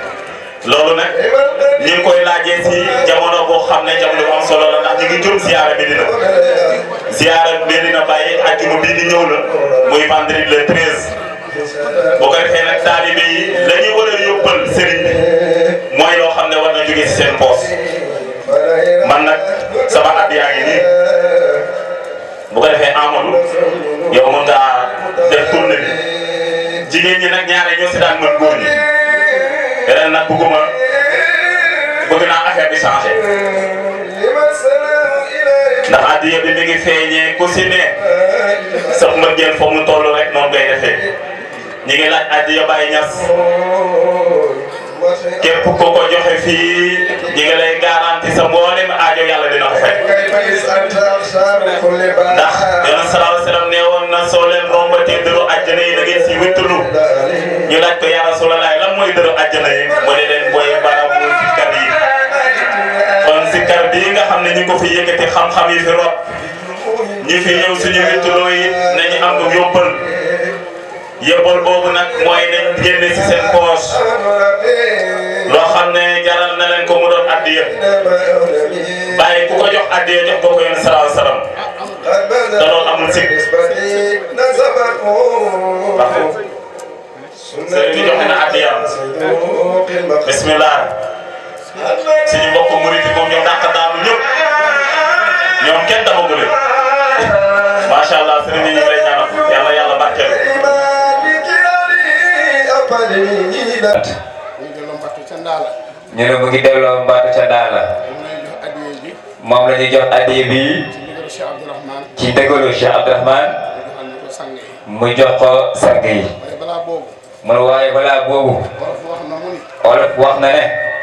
Speaker 6: loolu nag ñu ngi koy laajee si jamono boo xam ne jamono bu am solo la ndax ñu ngi jëm siyaara bi dina ziara Medina Baye àjjuma bii di ñëw la muy vendredi le 13 boo ko defee nag taalibe yi la ñuy war a yóbbal sëriñ mooy loo xam ne war na jógee si seen poos man nag sama at yaa ngi nii bu ko defee Amadou yow mën ngaa def jigéen ñi nag ñaare ñoo si daan mën góor ñi nag bëgguma bëgg naa affaire bi
Speaker 1: changé.
Speaker 6: ndax àddina bi mi ngi feeñee ku si ne sax mbëggeel foog mu toll rek noonu ngay defee ñi ngi laaj àddina Baye Niass képp ko ko joxe fii ñi lay garanti sa mboolem aajo yàlla dina ko fay. ndax yoon salaahu salaam nee woon na soo leen rombatee dëru àjjana yi da ngeen si wittulu ñu laaj ko yaa Rasulallah lan mooy dëru àjjana yi mu ne leen booy bara sekar bii nga xam ne ñu ko fi yëkkati xam-xam yi fi rot ñu fi ñëw suñu wétuloo yi nañu am lu yóbbal yóbbal boobu nag mooy nañ génne ci seen poos loo xam ne jaral na leen addiya bàyyi ku ko jox addiya jox boo ko yoon salaam salaam te sikk suñu mbokk murit moom ñoo nak daanu ñëpp ñoom kenn damagu leen
Speaker 3: macha allah sëriñ bi ñu ngi lay ñaanal
Speaker 4: yàlla yàlla barkeel ñu
Speaker 3: ne mu ngi delloo mbaatu ca daala moom la ñuy jox adiya bi ci dëggalu Cheikh Abdourahmane mu jox ko sang mu ne waaye balaa olof wax na ne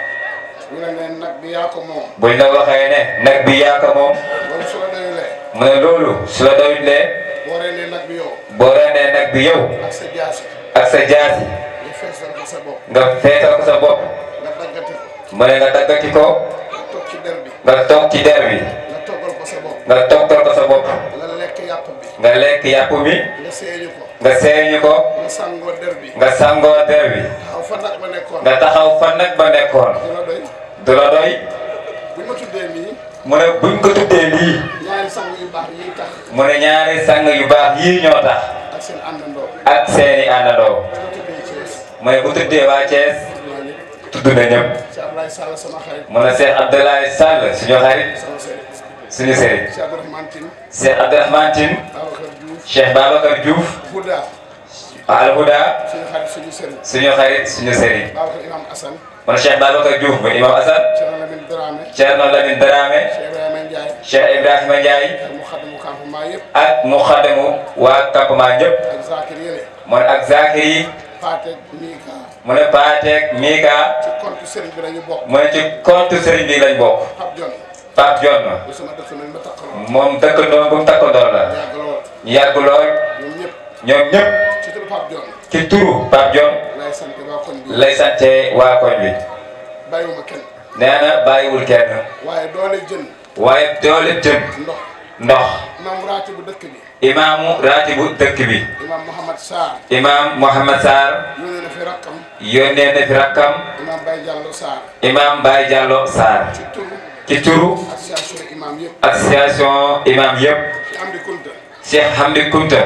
Speaker 4: ñu ne leen nag bi yaa ko moom.
Speaker 3: buñ la waxee ne nag bi yaa moom. loolu su loolu su la doyulee.
Speaker 4: boo rendee nag yow.
Speaker 3: boo rendee nag bi yow. ak sa jaasi. ak sa jaasi.
Speaker 4: nga feesal ko ma bopp.
Speaker 3: nga feesal ko sa daggati ko. nga daggati ko. nga toog ci der bi. nga toog ci der bi. nga toggal ko nga toggal ko sa bopp. nga lekk nga lekk yàpp bi. nga ko. nga seeñu bi. nga sangoo der bi. nga taxaw fa nag ba nekkoon. Daladay.
Speaker 4: buñ ma tuddee nii.
Speaker 3: buñ ko tuddee nii.
Speaker 4: ñaari sang yu baax
Speaker 3: ñaari sang yu baax yii ñoo tax.
Speaker 4: ak seen àndandoo.
Speaker 3: ak seen i àndandoo. mu ne bu tuddee waa Thiès.
Speaker 4: tudd na ñëpp. mu ne Cheikh Abdoulaye Sall suñu xarit. suñu sëriñ. Cheikh
Speaker 3: Abdourahmane Tine. Cheikh Babacar Diouf. Al Huda. suñu xarit suñu
Speaker 4: sëriñ.
Speaker 3: kon Cheikh Babacar Diouf ba Imam Assane Thierno Lamine Dramé Cheikh Ibrahima Ndiaye ak mu xadamu waa campement ñëpp
Speaker 4: mu ne ak Zakir
Speaker 3: yi mu ne Paateek Mika mu ne ci compte Serigne bi lañ bokk Pape Dione moom dëkk ndoom bu mu takkandoon la ñu ñoom ñëpp. ci turu Pape Dione lay waa koñ bi nee na bàyyiwul kenn waaye doole jën imaamu raatibu dëkk bi imaam Mouhamad Sarr yónnee na fi rakkam imaam association imaam yëpp Cheikh Hamdi Kunta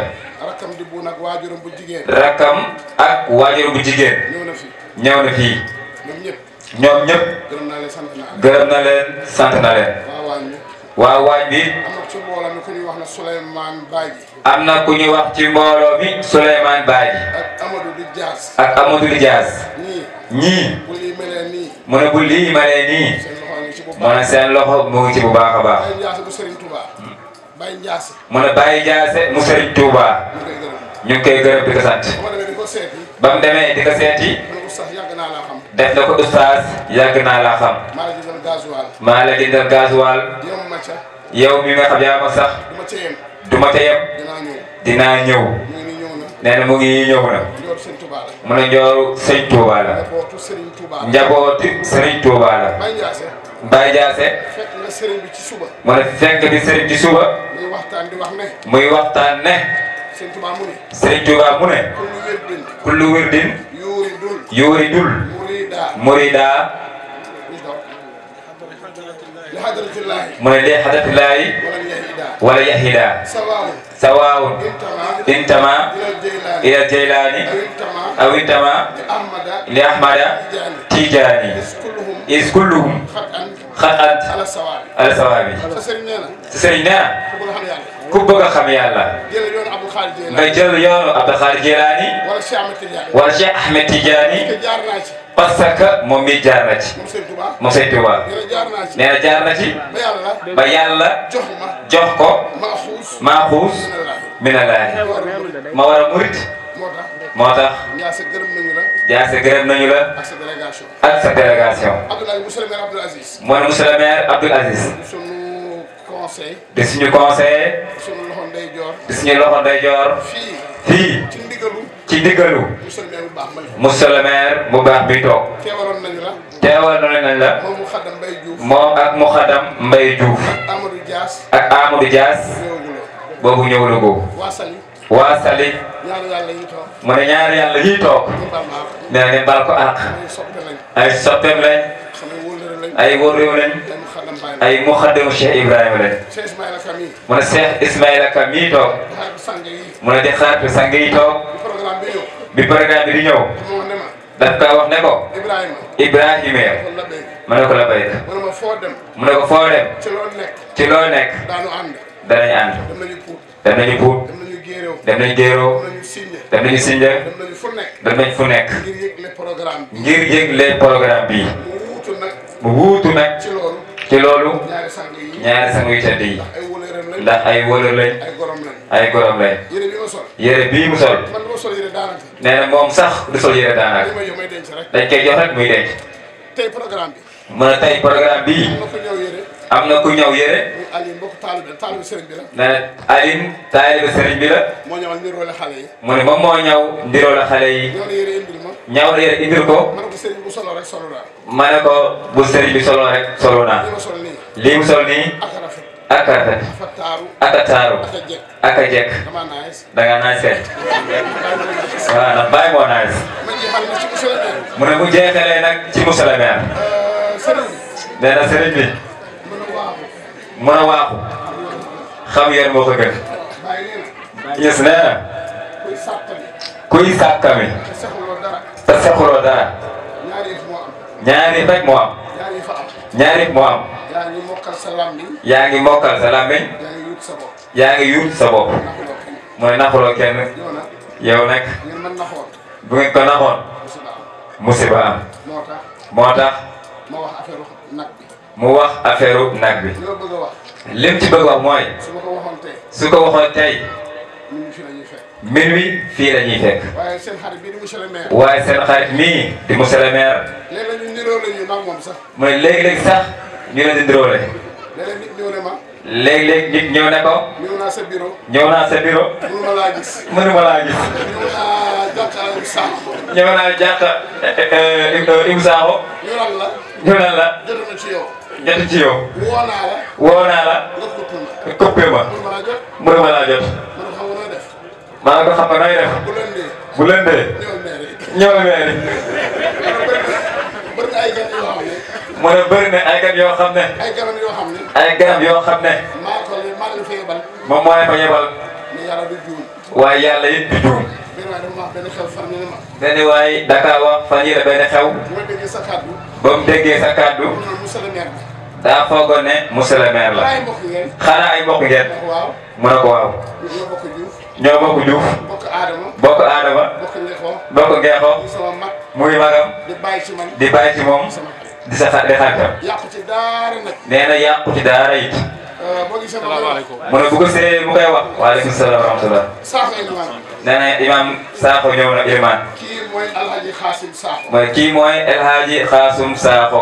Speaker 3: rakkam di buun ak waajuram bu jigéen. rakkam ak waajuram bu jigéen. ñëw na fii fii. ñoom ñëpp. ñoom ñëpp. gërëm naa na leen sant na leen. waa waañ bi. waa waañ bi. am
Speaker 4: na ci mbooloo mi ku ñuy
Speaker 3: wax ci mbooloo mi Souleymane Badji. ak
Speaker 4: Amadou Di Diaz.
Speaker 3: ak Amadou Di Diaz. ñii. ñii. bu lii nii. mu ne seen loxo mu ci bu baax a baax. Baye Ndiasse mu ne Baye Ndiasse mu Serigne Touba ñu ngi koy gërëm di ko sant ba demee di ko seeti def na ko ustaas yàgg naa laa xam maa la dindal gasoil yow mi nga xam yaa ma sax du ma yem dinaa ñëw nee mu ngi ñëw na mu ne njooru sëñ Touba la njabootu Serigne Touba la. Baye se
Speaker 4: fekk na sëriñ bi ci suba.
Speaker 3: mu ne fekk di sëriñ ci suba.
Speaker 4: muy waxtaan di wax ne.
Speaker 3: muy waxtaan ne. sëriñ Tuubaa mu mu ne. kullu wirdin. kullu wirdin. yuuridul. yuuridul. من لي حضرة الله ولا يهدا سواء
Speaker 4: انتما
Speaker 3: الى الجيلاني او انتما لاحمد تيجاني اذ كلهم خطأت على صوابي سسرينا كبك خمي الله جيل يون عبد الخالد جيلاني ورشي احمد تيجاني parce que moom mi jaar ci moom Sëñ Tuubaa nee na jaar na ci ba yàlla jox ko
Speaker 4: maaxuus minallaahi ma war a moo tax jaase gërëm nañu la ak sa délégation
Speaker 3: moo ne monsieur conseil di suñu conseil di suñu loxo ndeyjoor di loxo ndeyjoor fii fii ci ndigalu ci ndigalu monsieur bu baax bi toog
Speaker 4: teewaloon nañ la
Speaker 3: teewal nañ la moom ak Moukhadam Mbaye Diouf ak Amadou Dias boobu ñëwul ko
Speaker 4: waa
Speaker 3: Sali mu ne ñaari yàlla yiy toog nee baal ko àq ay soppeem lañ ay wóor réew lañ ay muxaddimu Cheikh Ibrahima lañ mu
Speaker 4: ne
Speaker 3: Cheikh Ismaïla Ka mii toog mu ne di xaatu sang toog bi programme di ñëw daf kaa wax ne ko Ibrahima mu ne ko la béy mu ne ko foo dem ci loo nekk danañ ànd dem nañu Pout dem nañu Géero dem nañu Sinja fu nekk ngir yëg les programme bi mu wuutu nag ci loolu
Speaker 4: ñaari sang yu tedd yi
Speaker 3: ndax ay wëlër lañ ay gorom lañ
Speaker 4: yére bii mu sol
Speaker 3: nee na moom sax du sol yére daanaka dañ koy jox rek muy denc mën a tey programme bii am na ku ñëw yére.
Speaker 4: Aline mbokk taalibe taalibe sëriñ bi la.
Speaker 3: mais Aline taalibe sëriñ bi la.
Speaker 4: moo ñëw ndiroole xale yi.
Speaker 3: mu ne moom moo ñëw ndiroole xale yi.
Speaker 4: ñëw na yére indil ma.
Speaker 3: ñëw na yére indil ko.
Speaker 4: ma ne ko sëriñ bu solo rek solo naa.
Speaker 3: ma ne ko bu sëriñ bi solo rek solo naa. lii mu sol nii. ak rafet. ak taaru. ak a jekk. da nga naaj eh? seet. waaw ndax bàyyi moo naaj. mu ne bu jeexalee nag ci monsieur le maire. nee na sëriñ bi. mën a waaxu xam yéen moo ko gën gis nee na kuy sàkkami te sexuloo dara ñaari rek moo ñaari moo yaa ngi mokkal sa làmmiñ yaa ngi yuut sa bopp mooy naxuloo kenn yow nag bu ngeen ko naxoon musiba am moo tax mu wax affaire nag bi lim ci bëgg wax mooy su ko waxoon tey minuit fii la ñuy fekk waaye seen xarit mii di monsieur le mu ne léegi sax ñu leen di ndiróole léeg-léeg nit ne ko.
Speaker 4: ñëw naa sa bureau.
Speaker 3: ñëw naa sa bureau.
Speaker 4: mënuma laa gis.
Speaker 3: mënuma laa gis. Eh, eh, eh, ñu naan la. ñu naan la. jotuma ci jot ci
Speaker 4: woo naa la.
Speaker 3: woo mu ne ma maa ngi ko nga nooy def. bu lëndee. ñëw mu ne bëri ay gan yoo xam ne. ay garab yoo xam ne. ay garab moom moo leen fa yebal. waaye yàlla it du juum. waaye Dakar wax fan yii la xew. ba mu déggee sa kàddu daa foogoon ne monsieur le maire la xanaa ngeen mu ne waaw ñoo bokk Diouf bokk Adama bokk Ngeexo muy magam di bàyyi ci moom di sa di
Speaker 4: xaritam
Speaker 3: nee na yàqu ci daara
Speaker 4: Euh, mu
Speaker 3: ne bu ko séeréer mu koy wax. waaleykum salaam wa rahmatulah. nee na imaam Sakho ñëw na Ilimane. kii mooy El Xaasum Sakho.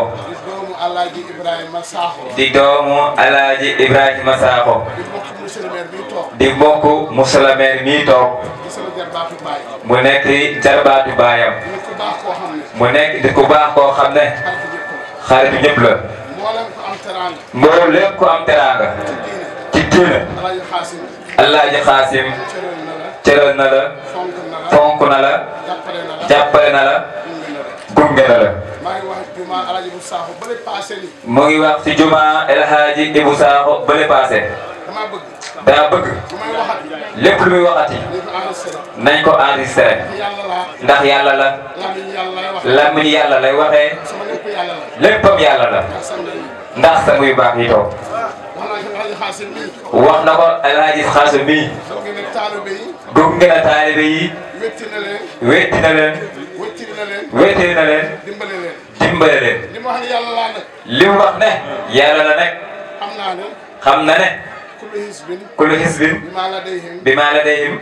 Speaker 3: di doomu Alaaji Ibrahima Sakho. di
Speaker 4: bokk musulmeer mi
Speaker 3: di bokk musulmeer mi toog. mu nekk jarbaatu baayam. mu di ku baax koo xam ne. xaritu ñëpp mboolem ku am teraanga. mboolem ku Xaasim. cëral na la. fonk na la. jàppale gunge na la. mu ngi wax ci juma El Hadji paase. daa bëgg lépp lu muy nañ ko enregistré ndax yàlla la
Speaker 4: làmmiñ yàlla
Speaker 3: lay waxee léppam la ndax sa muy baax yi toog wax na ko alaaji xaasu bi dugg ngeen a taalibe yi wetti na leen wetti na leen dimbale leen li wax ne yàlla la xam na ne kullu hizbin bimaa ladayhim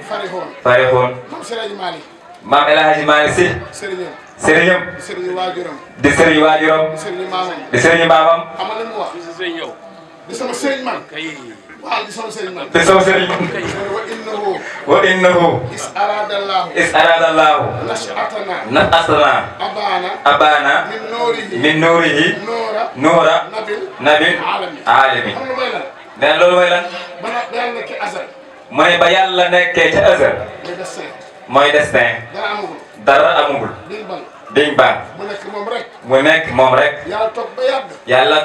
Speaker 3: farihuun maam El Hadji Malick Sy
Speaker 4: sëriñam di sëriñ waajuram di sëriñ maamam di sama sëriñ man waaw di sama sëriñ man di sama sëriñ
Speaker 3: wa innahu is
Speaker 4: aradallahu is
Speaker 3: aradallahu
Speaker 4: nasatana nasatana abana
Speaker 3: abana min nuurihi nuura nabil alamin nee loolu mooy lan.
Speaker 4: ba
Speaker 3: yàlla nekkee azal. mu ne mooy destin. dara amagul. dara
Speaker 4: mu
Speaker 3: nekk moom rek. mu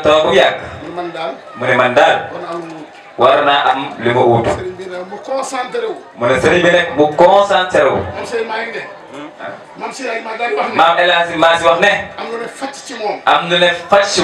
Speaker 3: toog ba yàgg.
Speaker 4: mu
Speaker 3: ne man daal. am li
Speaker 4: mu concentré
Speaker 3: mu ne sëriñ bi mu concentré wu.
Speaker 4: maam hmm? maam
Speaker 3: El Hadj Malick ne. am na ne fàcc ci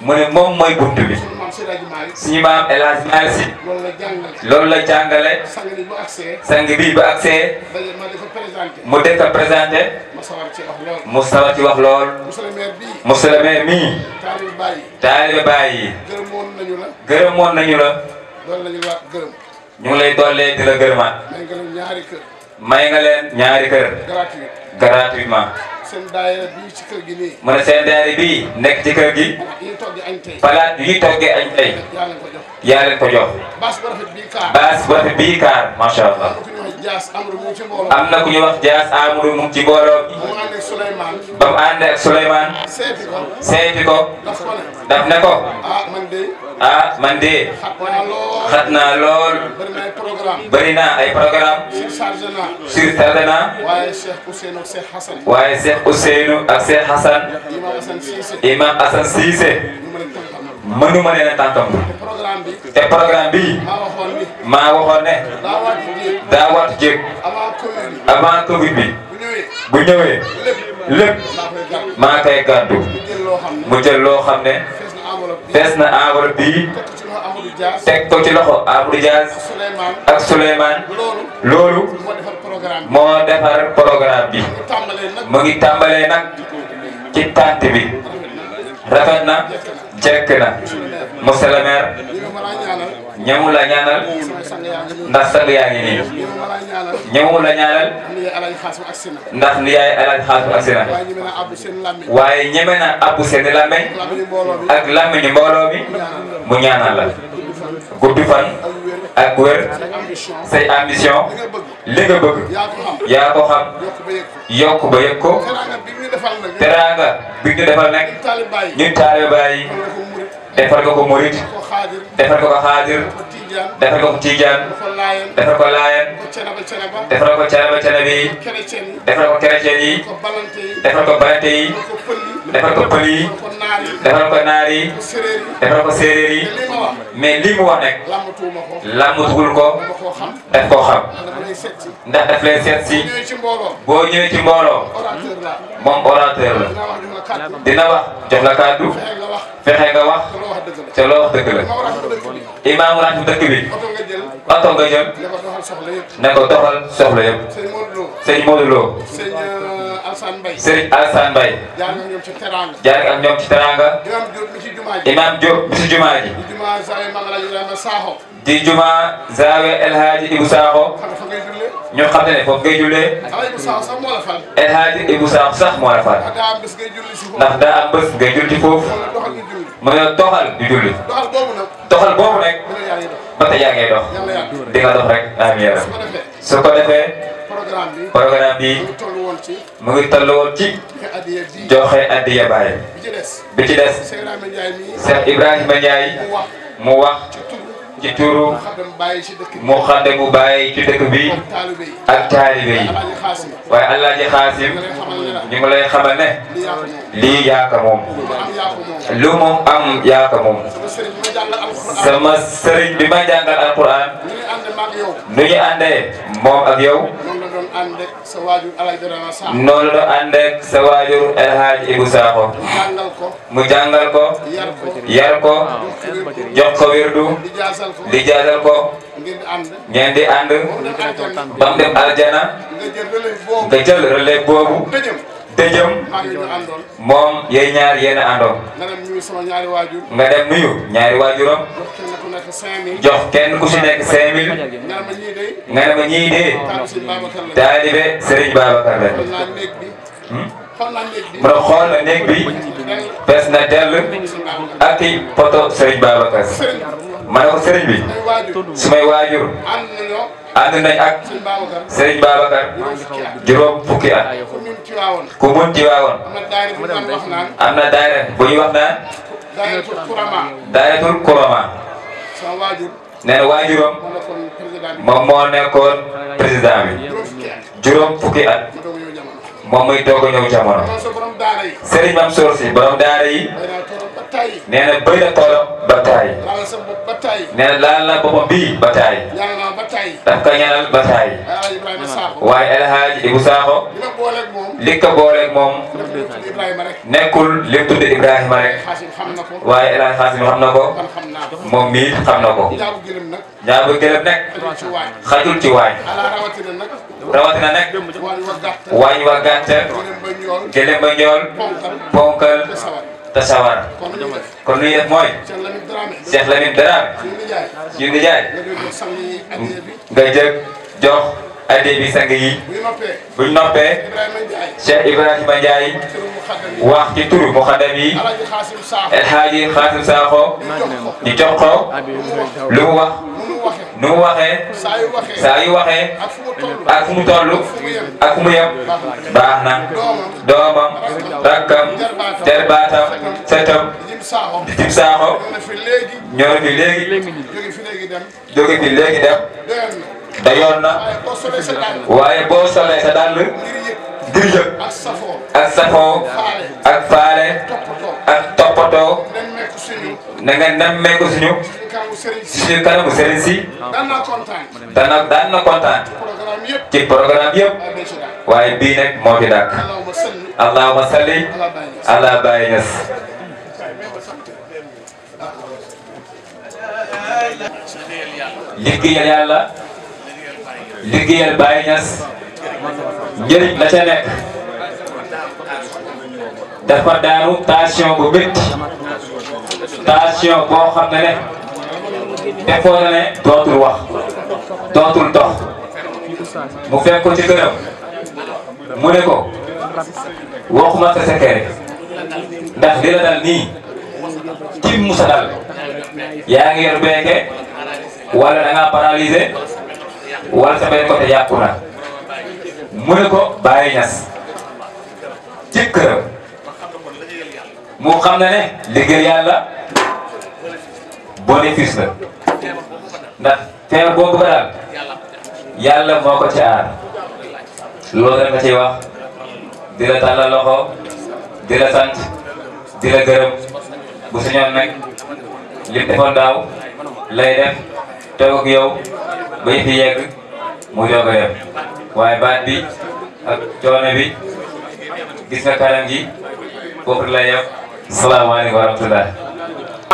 Speaker 3: mu ne moom mooy buntu bi
Speaker 4: suñu maam El Hadj Malick
Speaker 3: Sy loolu la jàngale
Speaker 4: sang bi bu accès mu dëkk
Speaker 3: a présenté mu sawar ci wax lool monsieur le maire mii taalibe baay yi gërëmoon nañu la
Speaker 4: ñu
Speaker 3: ngi lay dollee di la gërëmaat may nga leen ñaari kër gratuitement
Speaker 4: seen daayira bii ci kër gi
Speaker 3: nekk ci kër gi.
Speaker 4: palaat yi toggee añ tey.
Speaker 3: yaa leen ko jox. baas bu rafet kaar. baas
Speaker 4: am
Speaker 3: na ku ñu wax Dias Amru mu ngi ci mbooloo
Speaker 4: bi ba ko daf ne ko ah man de
Speaker 3: ah, xat
Speaker 4: bëri naa ay programme surchargé naa waaye
Speaker 3: Cheikh Ousseynou ak Cheikh Hassan Imam Hassan Cissé. mënuma leen a tàntam te programme bi maa waxoon ne daawaatu jéeg avant Covid bi bu ñëwee lépp maa koy gàddu mu jël loo xam ne fees na enveloppe bi teg ko ci loxo Abdou Diaz ak Souleymane loolu moo defar programme bi mu ngi tàmbalee nag ci tànt bi rafet na. jekk na monsieur le maire ñaanal
Speaker 4: ndax sang yaa ngi nii
Speaker 3: ñamu la ñaanal ndax li yaay alal xaasu agsi
Speaker 4: na waaye
Speaker 3: ñeme na abbu seen i làmmeñ ak làmmeñu mbooloo mi mu ñaanal la. guddi fan ak wér
Speaker 4: say ambition li bëgg yaa ko xam
Speaker 3: yokk ba yëg ko teraanga bi ñu defal nag
Speaker 4: ñun taalibe Baay
Speaker 3: yi ko ko murit defal ko xaadir defal ko ko tiijaan
Speaker 4: defal ko laayeen defal ko canaba canabi ko
Speaker 3: chrétien defal ko pël yi defal ko naar yi defal ko séeréer yi mais li mu wax nag làmmatugul ko daf koo xam
Speaker 4: ndax daf lay si
Speaker 3: boo ñëwee ci mbooloo moom orateur la dina wax jox la kàddu fexe nga wax ca loo wax dëgg la imaamu raatu dëkk nga jël ne ko doxal soxla yëpp sëñ Modou Lo
Speaker 4: sëñ jaar ak ñoom ci imaam
Speaker 3: Diop bisu di jumaa Zawe El Hadji Ibou Sakho. ñu xam ne foofu ngay jullee. El Hadji Ibou Sakho sax moo la fal. ndax daa am bés ngay julli ci foofu. mu ne doxal di julli. doxal boobu nag. ba tey yaa ngay dox. di nga dox rek amiin su ko defee. programme bi mu ngi toll woon ci joxe addiya Baay bi ci des Cheikh Ibrahima Ndiaye mu wax ci turu mu baye ci dekk bi ak taalibe yi waaye Alaaji khasim ni ngi lay xamal ne lii yaaka ya mom lu mom am yaaka mom sama sëriñ bi ma jangal alquran ni ñu àndee mom ak yow non la doon sa wajur El Hadj Ibou mu jangal ko yar ko jox ko wirdu di jaajal ko ngeen di ànd ba mu dem aljana nga jël boobu dëjëm moom yéen ñaar yéen a àndoon nga dem nuyu ñaari waajuram
Speaker 4: jox kenn ku ci nekk 5000
Speaker 3: nga ne ma ñii dee taalibe Serigne mu
Speaker 4: hmm? ne
Speaker 3: na néeg bi bes na dell ak i poto Serigne Babacar. ma ne ko sëriñ bi sumay waajur ànd nañ ak sëriñ Babacar juróom fukki at ku mun ci waawoon am na daayira bu ñuy wax naan
Speaker 4: daayiratul
Speaker 3: kurama nee na waajuram
Speaker 4: moom moo nekkoon
Speaker 3: président bi juróom fukki at moom muy doog a ñëw jamono
Speaker 4: sëriñ Mam Soor si borom daara nee
Speaker 3: na bëri na toolam ba taay. nee na laal bii ba taay. daf ko ñaanal ba taay. waaye El Hadj Ibou Sakho li ko booleeg moom nekkul li mu tuddee Ibrahima rek
Speaker 4: waaye El Hadj xam na ko moom
Speaker 3: mii xam na ko. njaabu gëlëm nag xajul ci waañ rawatina nag waañ wa gàtt gëlëm ba njool tasawara kon li def mooy
Speaker 4: Cheikh Lamine Dramé ñu ngi jaay
Speaker 3: nga jëg jox addee bi sang yi buñ noppee Cheikh Ibrahima Ndiaye wax ci turu muxaddam yi El Hadji Xaasim Sakho ñu lu wax nu mu waxee
Speaker 4: saa
Speaker 3: ak mu toll ak mu yem baax na doomam rakkam jarbaatam setam jib saaxo ñoo fi léegi jóge fi léegi dem dayoon na waaye boo solee sa dàll ngir yëg ak safoo ak faale ak toppatoo na nga nemmeeku suñu si kanamu sëriñ si dana daan na kontaan
Speaker 4: ci programme yëpp
Speaker 3: waaye bii moo fi dàkk allahuma salli
Speaker 4: ala Baye Niass liggéeyal
Speaker 8: yàlla
Speaker 3: liggéeyal Baye Niass njëriñ la ca nekk dafa daanu tension bu métti tension boo xam ne ne wax dootul dox mu fekk ko ci këram mu ne ko waxuma sa secret ndax li la nii ci musa dal yaa ngi yor beeke wala da ngaa wala samay côté yàqu na mu ko Baye Niass mu xam na ne liggéey yàlla bénéfice la ndax feebar boobu ko yàlla moo ko ci aar loolu rek nga ciy wax di loxo di sant di gërëm bu suñoon nag lim defoon daaw lay def toog ak yow ba it di yegg mu doog a dem waaye baat bi ak coono bi gis nga kanam gi foofu la yem salaamaaleykum wa rahmatulah.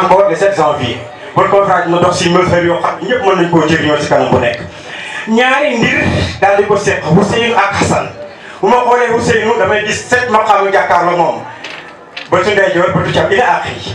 Speaker 9: encore le 7 janvier bon conférence mu dox si mesures yoo xam ñëpp mën nañu koo jëriñoo si kanam bu nekk. ñaari ndir daal di ko seq Ousseynou ak Hassan bu ma xoolee Ousseynou damay gis sept ma xam jàkkaarloo moom ba su ndeyjoor ba du cam ila àq yi.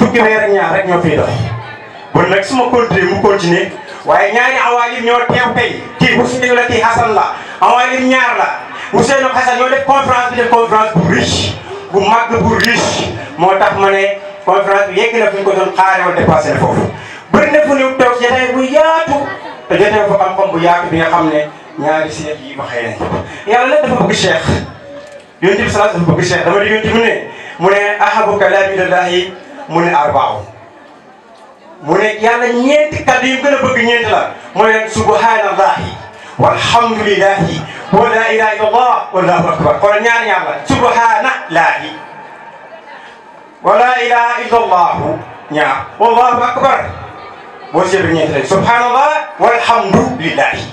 Speaker 9: fukki weer ak ñaar ñoo fiy dox bon su ma continuer mu continuer waaye ñaari awaalim ñoo teew tey kii bu su la kii Hasan la awaalim ñaar la Ousseynou ak ñoo def conférence bi def bu riche bu mag bu riche moo tax ma ne conférence bi yegg na fu ñu ko doon xaaree wala dépassé na foofu bëri na fu ñu toog jotaay bu yaatu te jotaay bu xam-xam bu yaatu bi nga xam ne ñaari seex yi waxee nañ yàlla dafa bëgg cheikh yonent bi salaatu dafa bëgg cheikh dama di yonent mu ne mu ne arbaaw mu ne yàlla ñeenti kàddu yi mu gën a bëgg ñeenti la mu ne subhanallahi walhamdulillahi wa la ilaha illallah wallahu akbar kon ñaar yàlla subhanallahi wa la ilaha illallah ñaar wallahu akbar boo seetlu ñeenti la subhanallah walhamdulillahi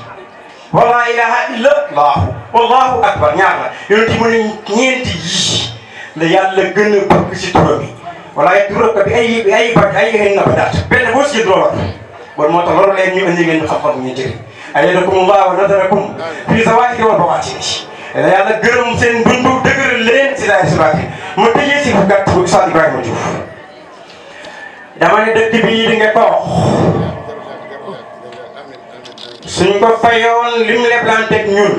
Speaker 9: wa la ilaha illallah wallahu akbar ñaar la yonent mu ne ñeenti yi la yàlla gën a bëgg ci turam yi wala e duura ko ɓe ayi ɓe ayi baɗ ayi hen nabadata ɓeɗe fof siddo lor won moo tax lor leen ñu andi ngeen xam-xam ñu jëri ayadakum allahu nadarakum fi zawahiri wal bawatini ene yàlla gërëm seen dundu dëgëral leen si laay sibaati mu tëjee si gàtt bu Ustaz Ibrahima Diouf dama ne dëkk bii di nga toox suñ ko fayoon lim leblanteeg ñun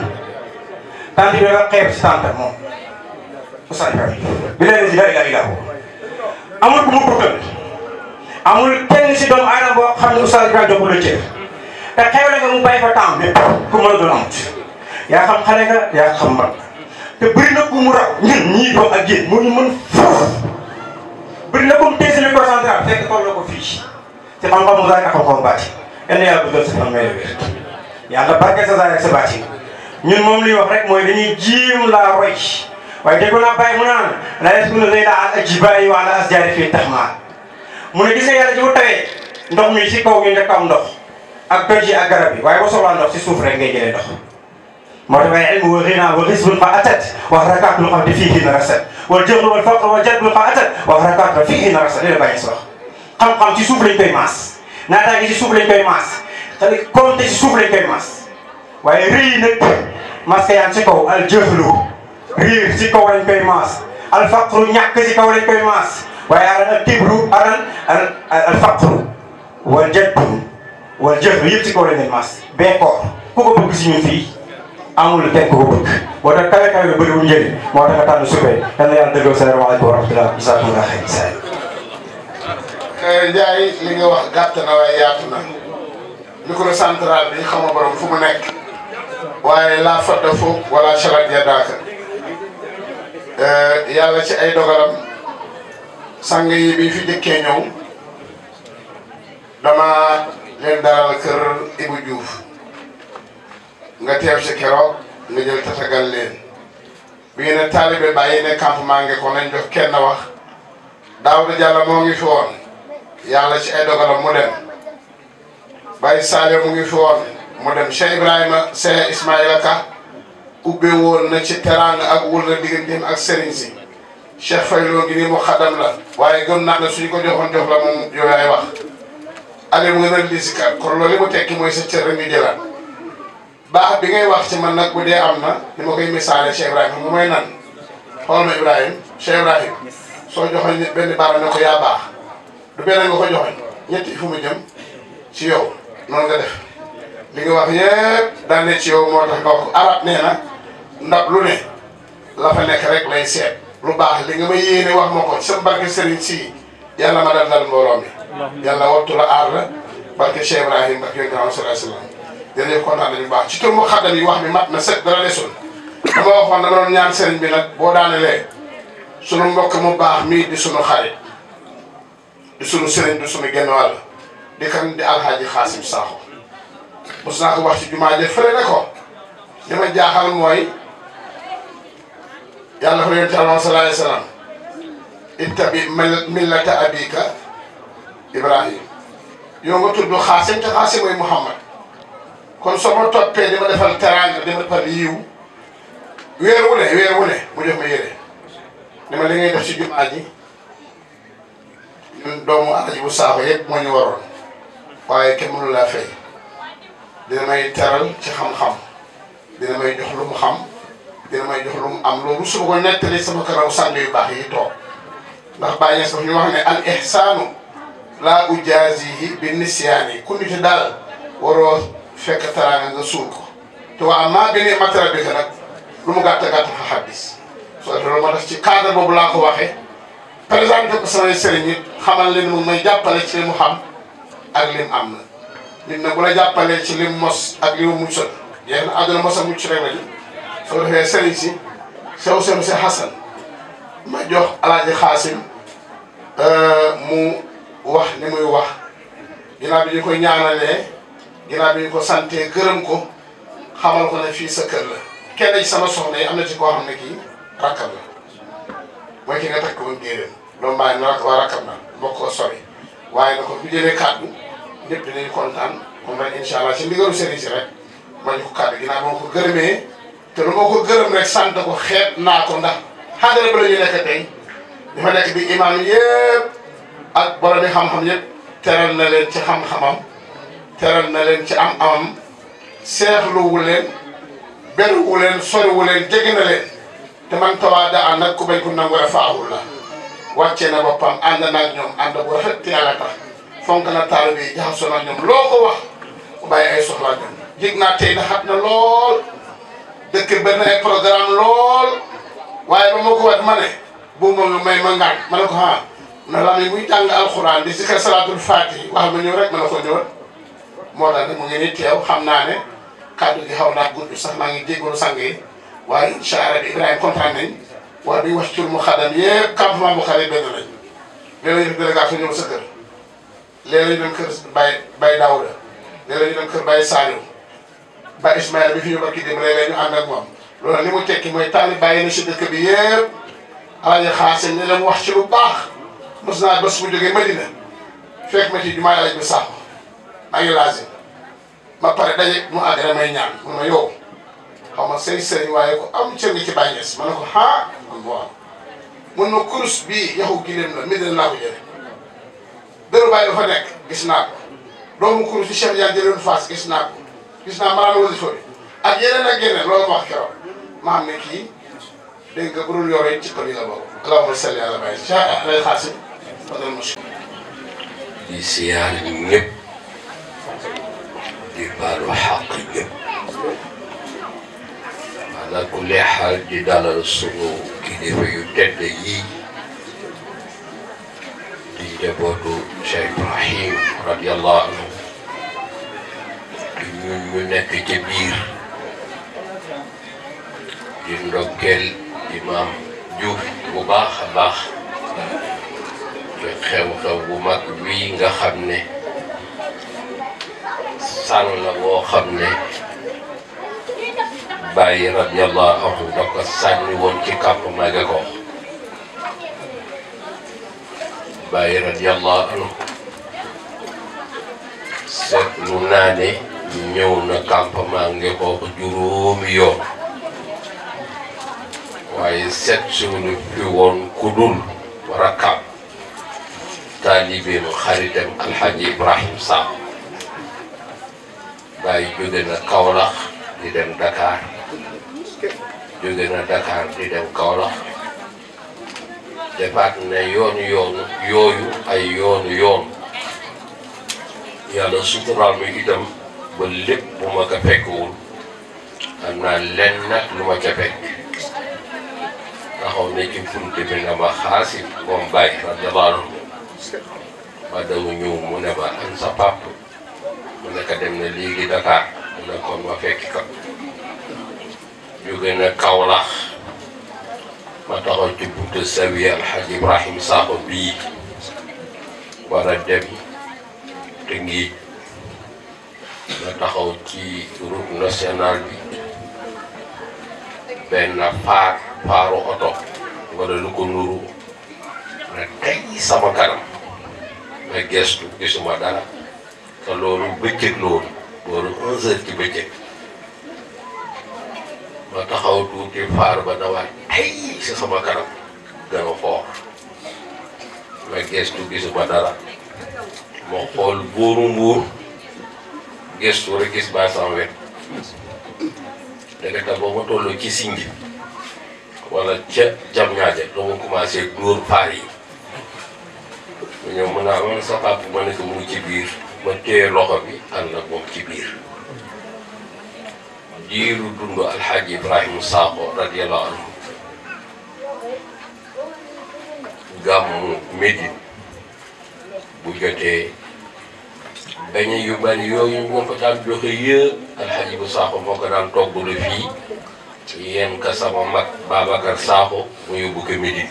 Speaker 9: tant bi dafa xeeb si tant moom Ustaz Ibrahima bi leen si la ilaha illa amul ku mu amul kenn si doomu aadama boo xam ne oustaz Ibrahima joxul la cër te xew mu bàyyi fa temps lépp ku mën a doon amat yaa xam xale nga yaa xam man te bëri na ku mu raw ñun ñii doom ak yéen moo ñu mën foofu bëri na ku mu téye seen concentrat fekk toll na ko fii ci xam-xamu zaahir ak xam-xamu baatin kenn yàlla bu jël sa fan ngay wér yàlla barke sa zaahir ak sa baatin ñun moom li wax rek mooy dañuy jiim laa roy ويقول لك يا منان لا يسكن الليل على الجبال وعلى أسجار في التحمى من جزء يا رجل تري دم ميسي كو من دكام دخ أكتوجي أكربي ويا بس والله نفسي سوف رنجي جل دخ مرتبة علم وغنى وغزب القاتل وحركة القاتل فيه نرسل والجبر والفقر والجبر القاتل وحركة فيه نرسل إلى بعيسى كم كم تسوف لين بيماس نادا يجي سوف لين بيماس تري كم تسوف لين بيماس ويا ريني ماسك يانسي كو الجهلو riir ci kaw lañ koy maas alfaqru ñàkk ci kaw lañ koy maas waaye alal ak kibru alal alfaqru wal jaddu wal jëf yëpp ci kaw lañ koy maas beekoor ku ko bëgg si ñun fii amul kenn ku ko bëgg moo tax kawe kawe bi bëriwul moo tax nga tànn suufee yal na yàlla
Speaker 4: eh, wax gàtt na waaye yaatu nekk waaye la fadda foofu wala chalat daaka Eh, yàlla ci ay dogalam sang yi bi fi jëkkee ñëw dama leen dalal kër Ibou Diouf nga teew ci keroog nga jël tatagal leen bi ngeen taalibe bàyyi ne campement ngi ko nañ jox kenn wax Daawda Jàlla moo ngi fi woon yàlla ci ay dogalam mu dem Baye Sadio mu ngi fi woon mu dem Cheikh Ibrahima Cheikh Ismaïla Ka kubbe woon na ci teranga ak wul na digganteem ak serigne ci Cheikh faylo gi ni mo xadam la waye gëm na ne suñu ko joxon jox la moom yow yaay wax ale mo ngën di lisikar kon lo li mu tekki moy sa ci rek jëla jëlaat baax bi ngay wax ci man nak bu dé amna ni mo koy message Cheikh ibrahim mu may nan xol ma ibrahim Cheikh ibrahim so soo joxoon ben baara ne ko yaa baax du benn nga ko joxoon ñetti fu mu jëm ci yow non nga def li nga wax yëpp daan ne ci yow moo tax nga wax nee na ndab lu ne la fa nekk rek lay seet lu baax li nga ma yéene wax ma ko sa barke Serigne si yàlla ma dal dal mbooloo mi yàlla wattu la aar la barke Cheikh Ibrahim barke yonent bi sallallahu alayhi wa sallam jërëjëf kontaan nañu bu baax ci tur mu yi wax bi mat na set dara desul dama waxoon boo daanelee sunu mbokk mu baax mii di sunu xarit di sunu Serigne di sunu genn wàll di kan di alxaaji Xaasim Saaxo mos naa ko wax ci jumaa ja fële ne ko li ma jaaxal mooy yàlla fa yonent alama sallallahu alayhi wasallam ittabi millata abika ibrahim yow nga tudd xaasim te xaasim mooy muhammad kon soo ma toppee dama defal teraanga dama defal yiw weer wu ne weer wu ne mu jox ma yére ne ma li ngay def ci jumaa ji ñun doomu alaji bu saako yëpp moo ñu waroon waaye kenn mënu laa fay dina may teral ci xam-xam dina may jox lu mu xam dina may jox lu mu am loolu su ma ko nettali sama këraw sàng yu baax yi toog ndax bàyyi sax ñu wax ne al ihsaanu laa ujaazihi bi nisyaani ku nit daal waroo fekk teraanga nga suul ko te waa maa bi ne matara bi nag lu mu gàtt gàtt fa xaddis soo defee loolu ma def ci cadre boobu laa ko waxee présenté ko samay sëriñ it xamal leen moom may jàppale ci li mu xam ak lim am na nit na bu la jàppalee ci lim mos ak li mu mucc sot yéen na àdduna mos a mucc rek la soo defee sëriñ si sew seen si Xasan ma jox alaaji Xaasim euh, mu wax ni muy wax ginnaaw bi ñu koy ñaanalee ginnaaw bi ñu ko santee gërëm ko xamal ko ne fii sa la kenn ci sama soxna yi am na ci koo xam ne kii rakkam la mooy ki nga takk woon géeréem loolu mbaa na waa rakkam na mbokk ko sori waaye na ko bu jëlee kàddu ñëpp dinañ kontaan kon nag incha allah ci ndigalu sëriñ rek ma ñu ko kàddu ginnaaw ma ko gërëmee te lu ma ko gërëm rek sant ko xeet naa ko ndax xàngale ba la ñu nekk tey dafa nekk bi imaam yëpp ak borom yi xam-xam yëpp teral na leen ci xam-xamam teral na leen ci am-amam seexluwu leen beruwu leen soriwu leen jege na leen te man tawaada ànd ak ku bañ ku nangu rafaahu la wàcce na boppam ànd naag ñoom ànd bu rafet te yàlla tax. fonk na taalibe yi jaxasoo na ñoom loo ko wax mu bàyyi ay soxlaa ñoom yëg naa tey na xat na lool dëkk benn ay programme lool waaye ba ma ko wat ma ne bu moom may ma ngaan ma ne ko ah na la muy jàng alxuraan di sikar salaatul faatihi wax ma ñëw rek ma ne ko ñëwal moo tax nag mu ngi ni teew xam naa ne kàddu gi xaw naa gudd sax maa ngi jégalu sang waaye incha allah Ibrahima kontaan nañ waaye duñ wax tur mu xadam yëpp campement bu xale benn lañ léeg-léeg ñu dem kër Baye Baye Daouda léeg-léeg kër Baye Saliou ba Ismaïla bi fi ñu barki dem léeg-léeg ñu ànd ak moom loolu li mu tekki mooy taalib bàyyi na si dëkk bi yëpp alaji xaase ne leen wax ci lu baax mos naa bés bu jógee ma ci jumaa ma pare daje mu àgg ma yow xaw ma say sëriñ waaye ko am cër nga ci bàyyi ma ne ko ah mun ma kurus bii yaxu gileem la mi dina laa ko jëlee Dóor Baye dafa nekk gis naa ko doomu kuréel si Cheikh Ndiaye jëloon Fass gis naa ko gis naa maanaam wala sori ak yeneen ak yeneen loolu ma kii dégg nga bu dul yoree ci kër yi la bokk. allahumma ala Baye Cheikh Ahmed Khassim wala monsieur.
Speaker 10: di siyaare ñëpp di baalu xàq ala kulli xaal di dalal sunu kilifa yu di njabootu Cheikh Ibrahim radiyallahu anhu ñun ñu nekk ca biir di ndokkeel imaam Diouf bu baax a baax ci xew-xew bu mag bii nga xam ne sàng la boo xam ne bàyyi radiyallahu anhu da ko sànni woon ci kàpp Maga ko Baye radiyallahu anhu set naa ne ñëw na campement nga boobu yo waye set seet suñu fi won kudul dul rakab taalibeem xaritam ibrahim sa bàyyi jóge na kawlax di dem Dakar jóge na Dakar di dem kawlax defaat ne yoonu yoonu yooyu ay yoonu yoon yàlla suturaal mi itam ba lépp bu ma ko fekkwul am naa lenn nag lu ma ca fekk taxaw ne ci funt bi nga ma xaasi moom bàyyi radiyallaahu anhu ma dama ñëw mu ne ma am sa pàpp mu ne ko dem na léegi Dakar ne kon ma fekki ko jóge na ma taxaw ci buntu Zawiya Alxaaji Ibrahim Sakho bii war dem te ngi taxaw ci route nationale bi benn paar paaru oto wala lu ko nuru na tey sama kanam ma gestu gisuma dara te loolu bëccëg loolu loolu 11 ci bëccëg. ma taxaw tuuti faar ba na waaj ay si sama kanam gën a foor ma gestu gisu ba dara ma xool buuru mbuur gestu rek gis ba sama wet dëgg ta boo ma tolloo ci singi wala ca jam ñaaje doo commencé dóor faar yi mu ñëw naa man sa papa ma ne mu ci biir ma téye loxo bi ànd ak moom ci biir diiru dundu alxaaji ibrahima Sakho radiyallahu anhu gàmmu Médine bu jotee beñe yu bari yooyu moo ko daan joxe yëpp alxaaji bu Sakho moo ko daan togg la fii yéen ka sama mag Babacar Sakho mu yóbbu ko Médine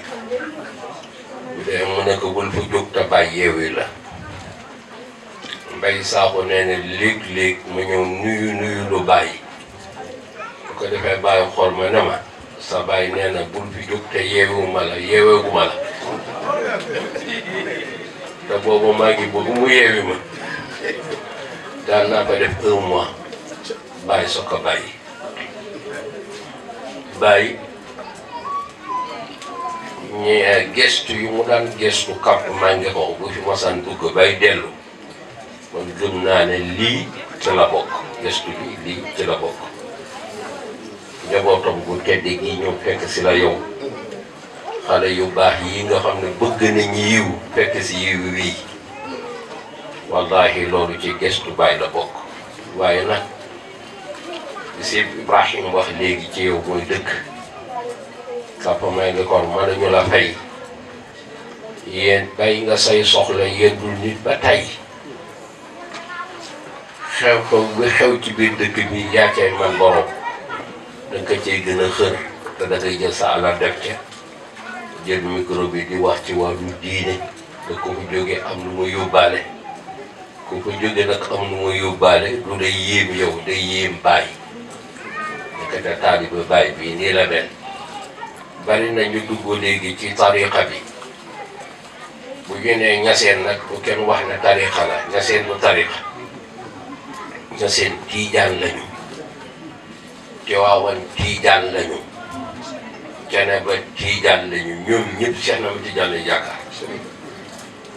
Speaker 10: bu dee mu ne ko bul fa jóg te bàyyi yeewi la Mbaye Sakho nee na ñëw nuyu nuyu lu bàyyi ko defee bàyyi xool ma ne ma sa bàyyi nee na bul fi jóg te yeewuma la yeeweeguma la te boobu maa ngi bëgg mu yeewi ma daan naa ko def un bàyyi soo ko bàyyi bàyyi ñi eh, gestu yu mu daan gestu kamp maa ngi bu fi masaan dugg bay dellu man gëm naa ne lii ci la bokk gestu lii ci la bokk njabootam bu teddi gi ñëw fekk si la yow xale yu baax yi nga xam ne bëgg nañ yiw fekk si yiw wii wallahi loolu ci gestu baay la bokk waaye nag si Ibrahim wax léegi ci yow mooy dëkk sàppa may li kon mën nañu la fay yéen bay nga say soxla yendul nit ba tey xew xew bi xew ci biir dëkk bi yaa cay man borom da nga gën a xër te da jël sa alal def ca jël micro di wax ci wàllu diine te ku fa jógee am lu mu yóbbaale ku fa jógee nag am lu mu yóbbaale du day yéem yow day yéem bàyyi nekkata taaliba bàyyi bii nii la mel bari na ñu dugg léegi ci tariqa bi bu ñu nee ñaseen nag bu kenn wax ne tariqa la ñaseen bu tariqa ñaseen tiijaan lañu Tiwaawan Tiijaan lañu kene ba Tiijaan lañu ñoom ñëpp Cheikh Tiijaan lañu yaakaar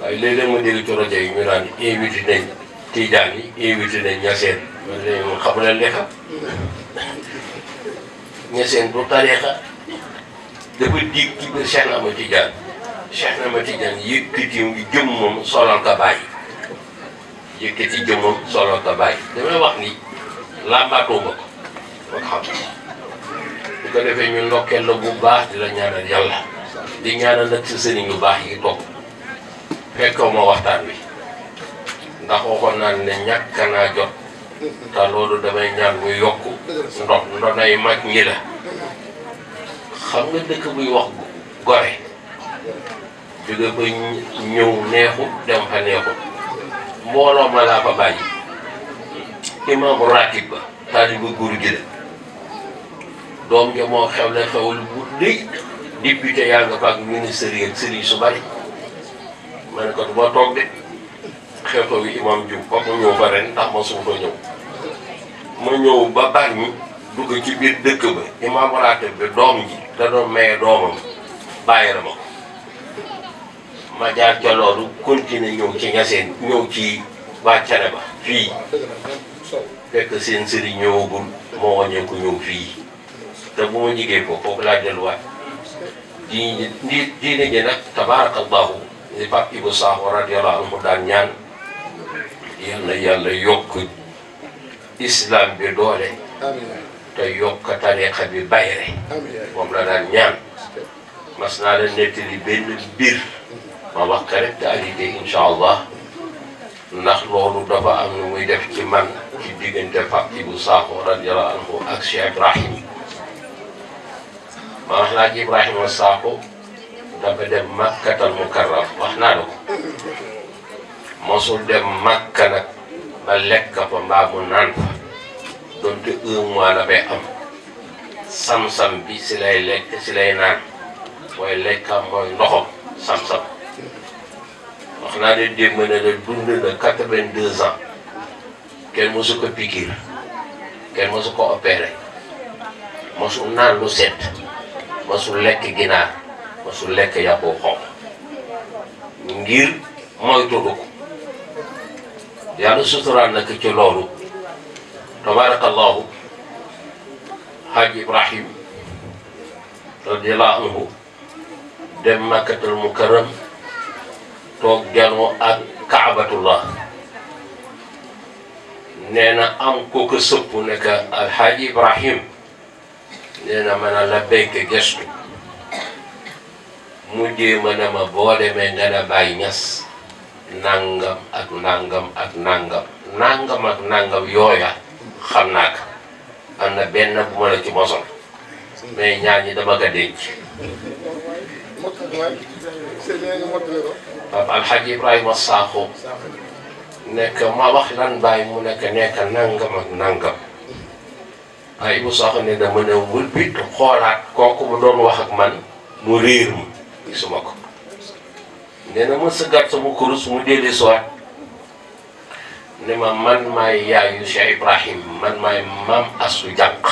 Speaker 10: waaye léeg ma dégg ci rajo yi ñu naan invité nañ Tiijaan yi invité nañ ñaseen man léegi moom xamu leen li ñaseen du tarixa dafa dig ci biir Tiijaan Cheikh Tiijaan yëkkati jëm moom solal ka bàyyi yëkkati jëm moom solal ka bàyyi damay wax ni làmbaatoo ma ko alhamdulilah bu ko defee ñu ndokkeel la bu baax di la ñaanal yàlla di ñaanal nag ci sëriñ yu baax yi toog fekkoo ma waxtaan wi ndax waxoon naa ne ñàkk naa jot te loolu damay ñaan muy yokk ndox ndonay mag ñi xam nga dëkk buy wax gore jóge ba ñëw neexut dem fa neexut mbooloo ma fa bàyyi imaamu raatib ba taalibu góor gi la doom ja moo xew la xewal mu rëy député yaa ko ak ministère yeeg sëriñ su bari ma ne ko du ma toog de xew-xew yi imam Diouf ba mu ñëw ba ren ndax ma su ñëw ma ñëw ba bàññi dëkk ba ji da doon ma ko ma jaar ca loolu continuer ñëw ci ñaseen ñëw ci wàccare ba fii fekk seen sëriñ ñëwagul moo wàññeeku ñëw fii te moo ñigee ko kooku laaj delluwaay diine ji diine ji nag tabaarakallahu ni Pape Ibou Sakho radiyallahu anhu daan islam bi doole te yokk tariqa bi bayre moom la daan mas naa leen nettali benn mbir ma wax ko rek te alité incha loolu dafa am nu muy def ci man ci diggante Pape Ibou Sakho radiyallahu anhu ak Cheikh Ibrahim ma wax laaj Ibrahima Sakho dafa dem Makkatal Mukarram wax naa la ko mosul dem Makka nag ba lekk fa mbaa mu naan fa donte un mois la fay am sam-sam bi si lay lekk si lay naan mooy lekkam mooy ndoxam sam-sam wax naa de démb ne de dund na quatre-vingt-deux ans kenn mosu ko pikiir kenn mosu ko opéré mosu naan lu set. masul lekk ginaar masul lekk yàpp xonq ngir moytu ko yàlla suturaal na ko ci loolu tabarakallahu xaaj ibrahim radiallahu anhu dem makkatal mukarram toog janoo ak kaabatullah nee na am ko ko sëpp ne ka alxaaji ibrahim nee na ma ne la béyk gestu mujjee ma ne ma boo demee nga ne bàyyi ñas nangam ak nangam ak nangam yooya xam naa ko am na benn bu ma la ci mosol mais ñaar ñi dama ko denc papa alxaji ibrahima saaxo nekk ma wax lan bàyyi mu nekk nekk nangam ak nangam waaye bu soxla ne dama ne wul bit xoolaat kooku mu doon wax ak man mu réer ma gisuma ko nee na ma sëggaat sama kurus mu déedee suwaat ne ma man maay yaayu Cheikh Ibrahim man maay maam asu jànq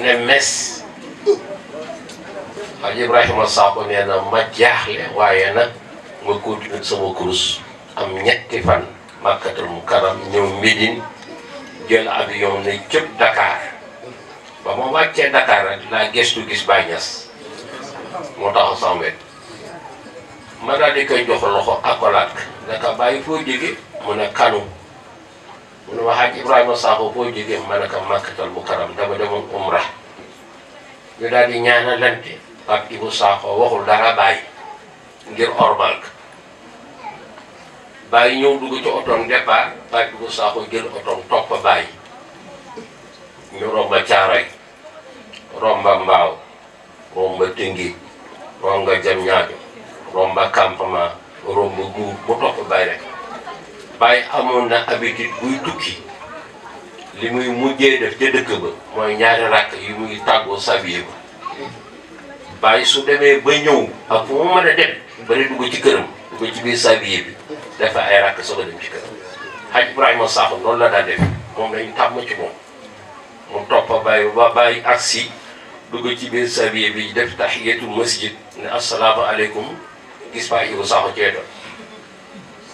Speaker 10: ne mes waaye Ibrahima Sakho nee na ma jaaxle waaye nag ma continuer sama kurus am ñetti fan màkkatal mu karam ñëw Médine jël avion na jëm Dakar ba ma wàccee Dakar laa gëstu gis Baye Niass moo taxaw sama wet ma daal di koy jox loxo accolade naka bàyyi foo jóge mu ne Kano mu ne ma xaaj Ibrahima Sakho foo jóge ma ne ko Makkatal Mukarram dama demoon umra ñu daal di ñaanalante Pape Ibou Sakho waxul dara bàyyi ngir ormal bàyyi ñëw dugg ci otoom départ bàyyi dugg saako jël otoom topp a bàyyi ñu romba caaray romba mbaaw romba tëngi romba jam ñaajo romba campement romba guur bu topp bàyyi rek bàyyi amoon na habitude buy tukki li muy mujjee def ca dëkk ba mooy ñaari rakk yi muy tàggoo sabiye ba bàyyi su demee ba ñëw ak fu mu mën dem ba dugg ci këram dugg ci biir sabiye bi def fa ay rakk soog a dem ci kër xaj Ibrahima Sakho la daan def moom dañu tàmm ci moom mu topp bàyyi ba bàyyi ak si dugg biir sabiye bi def tahiyatul masjid ne assalaamu aleykum gis Pape Ibou Sakho cee doon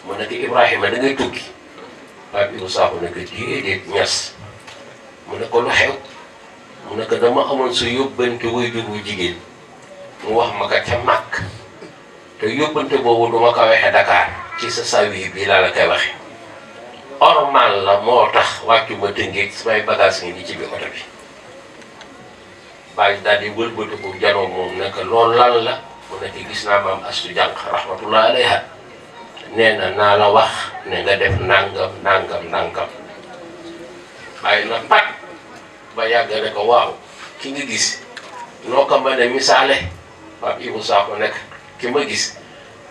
Speaker 10: mu nekk Ibrahima da ngay tukki Pape Ibou Sakho ne ko déedéet ñas mu ne ko lu mu ne ko dama amoon su yóbbante wuy jubu jigéen mu wax ma ka ca màkk te yóbbante boobu du ma ko wexe Dakar. ci sa sawi bi laa la koy waxe ormal la moo tax wàccu ma tëngeeg samay bagage ngi ni ci bi oto bi bàyyi daal di wëlbatu bu janoo moom naka loolu lan la mu nekk gis naa maam astu jànq rahmatullah alayha nee na naa la wax ne nga def nangam nangam nangam bàyyi na pat ba yàgg ne ko waaw ki nga gis noo ko mën a misaale Pape Ibou Sakho nekk ki ma gis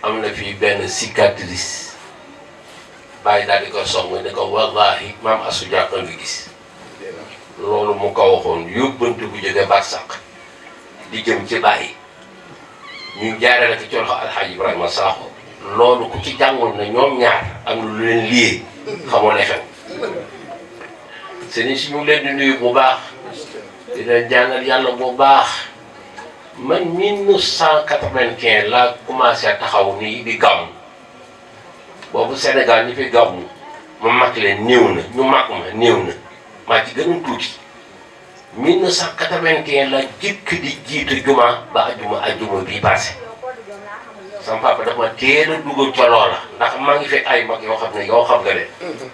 Speaker 10: am na fi benn cicatrice bàyyi daal di ko song ne ko wallaahi maam asu jàkka nga gis loolu mu ko waxoon yóbbante bu jóge barsàq di jëm ci bàyyi ñu jaaree la ci col xaw alxaaj Ibrahima loolu ku ci jàngoon na ñoom ñaar am lu leen liyee xamoo ne xew seen si ñu leen di nuyu bu baax di leen jàngal yàlla bu baax man 1995 laa commencé taxaw nii di gàmm boobu Sénégal ñi fi gàmm ma mag leen néew na ñu mag ma néew na maa ci gënu tuuti 1995 la jëkk di jiitu juma ba ajuma ajuma bii passé sama dafa ma a dugal ca loola ndax maa ngi fekk ay mag yoo xam ne yoo xam nga leen mm-hmm.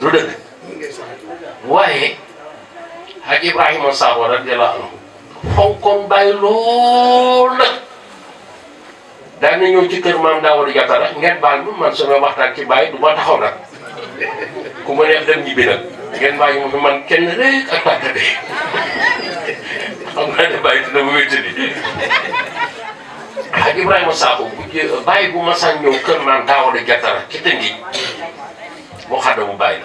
Speaker 10: du dëgg waaye Hadj Ibrahima Sakho radiyallahu anhu Hong Kong bay lol daan ñu ñëw ci kër maam jatta rek ngeen baal ma man sama waxtaan ci bay du ma taxaw nak ku ma neex dem ñibbi nak ngeen bay mu fi man kenn rek ak tàkk de xam naa ne bàyyi dina ma ni ak Ibrahima Sakho bu ci bay bu ma sañ ñëw kër maam jatta rek ci tëngi mu xadamu bay bàyyi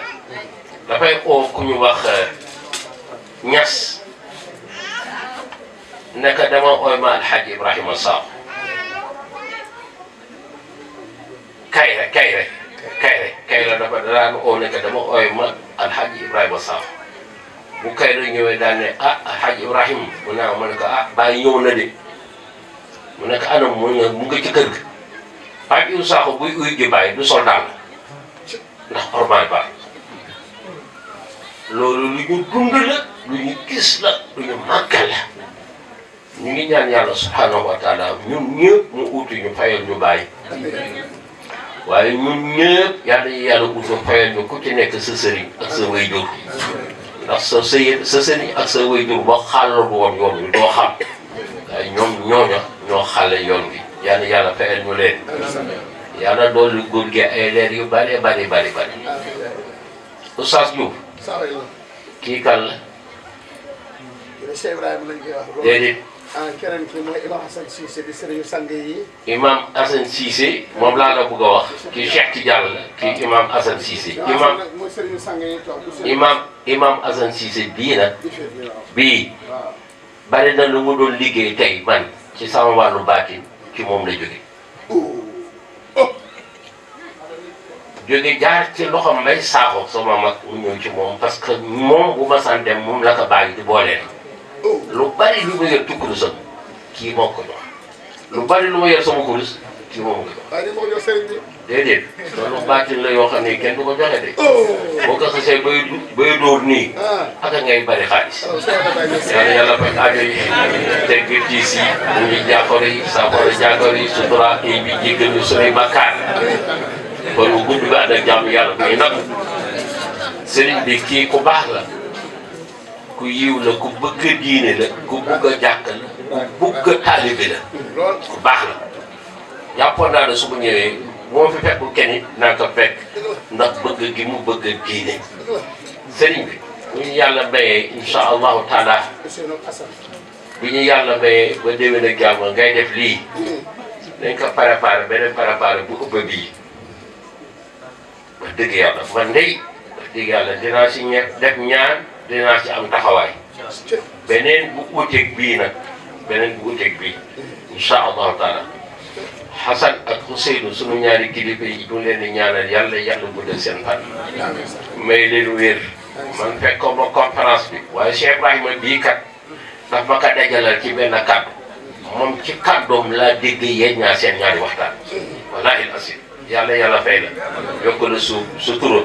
Speaker 10: la dafay oo ku ñu wax ñass neka dama oyma alxaaji ibrahima saam kayre kayre kayre kayre dafa daan oo neka dama oyma alxaaji ibrahima saam bu kayre ñëwee daan ne ah mu ne ma ko ah bàyyi ñëw na de mu ne ko mu ne mu nga ci kër ga Pape Ibou Sakho loolu lu ñu dund lu ñu gis la lu ñu màggal ñu ngi ñaan yàlla subhanahu wa taala ñun ñëpp mu uutu ñu fayal ñu bàyyi waaye ñun ñëpp yàlla yàlla uutu fayal ñu ku ci nekk sa ak sa wayjur ndax sa sëy sa ak sa wayjur ba xàllal woon yoon bi doo xam waaye ñoom ñooña ñoo xàlle yoon bi yàlla yàlla fayal ñu leen yàlla doolu góor gi ay yu bari bari bari bari Oustaz Diouf kii kan la
Speaker 4: déedéet Ah, keneen ki mooy Imam Assane moom laa la
Speaker 10: bëgg wax ki Cheikh Tidiane la ki Imam Assane Cissé. Imam
Speaker 4: mooy sëriñu sang
Speaker 10: yi bii nag. Ah. bari na lu mu doon liggéey tey man ci sama wàllu baatin ci moom la jóge oh. jóge jaar ci loxom lay saaxoo sama mag mu ci moom parce que moom bu ma dem moom la ko bàyyi di boole. Oh, lu bari lu ma yor tukkuru sax kii moo ko jox lu bari lu ma yor sama kurus kii moo ma ko jox. waaye moo jox la yoo xam ne kenn du ko joxe de. Oh. boo ko xasee bay bay dóor nii. Ah. aka ngay bari xaalis. Oh, yàlla yàlla faj aajo yi tegg tiis yi mu ngi jàkkoor yi saafara jàkkoor yi sutura ay bi jéggal ñu sunuy bakkaar kon bu gudd bi ànd ak jàmm yàlla bu ñuy nangu bi kii ku baax la. ku yiw la ku bëgg a diine la ku bëgg a jàkk la ku bëgg a taalibe la ku baax la jàppoon naa ne su ma ñëwee moo fi fekkul kenn it naa ko fekk ndax bëgg gi mu bëgg a diine sëriñ bi bu ñu yàlla mayee insha allahu taala bu ñu a mayee ba déwén ak jàmm ngay def lii dañ ko préparé beneen préparé bu ëpp bii wax dëgg yàlla man ndey wax dëgg yàlla dinaa si ñe def ñaan dinaa ci am taxawaay beneen bu uuteeg bii nag beneen bu uuteeg bii incha allahu taala Xasan ak Ousseynou sunu ñaari kilifa yi du leen di ñaanal yàlla yàlla guddal seen fan. may leen wér. man fekkoon ma conférence bi. waaye Cheikh Ibrahima bii kat dafa ko dajalal ci benn kàddu. moom ci kàddoom laa dégg yéen ñaar seen ñaari waxtaan. wallaahi al asim yàlla yàlla fay la. yokk la su su turam.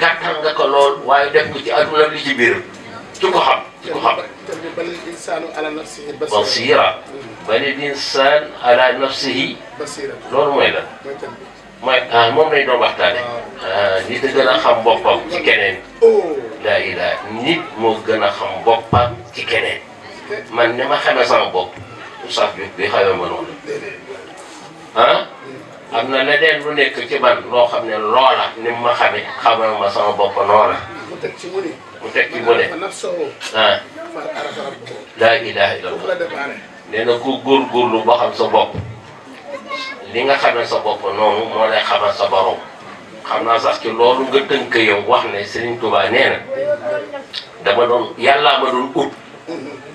Speaker 10: gàttal nga ko lool waaye def ko ci àdduna li ci biir ci ko xam ci ko xam.
Speaker 4: bal insaan ala nafsihi basira bal
Speaker 10: insaan ala nafsihi basira loolu mooy la mooy ah moom lañ doon waxtaane ah, nit a gën a xam boppam ci keneen oh. laa ilaa nit moo gën a xam boppam ci keneen man ni ma xamee sama bopp saaf bi bi xamee ma noonu ah am na leneen lu nekk ci man loo xam ne loola ni ma xamee xamal ma sama bopp noola mu teg ci mu ne mu teg ci mu ne ah laa ilaha illallah ba xam sa bopp li nga xamee sa bopp noonu moo lay xamal sa borom xam naa sa ci loolu nga tënk yow wax ne Serigne Touba nee na dama doon yàllaa ma doon ut mm-hmm.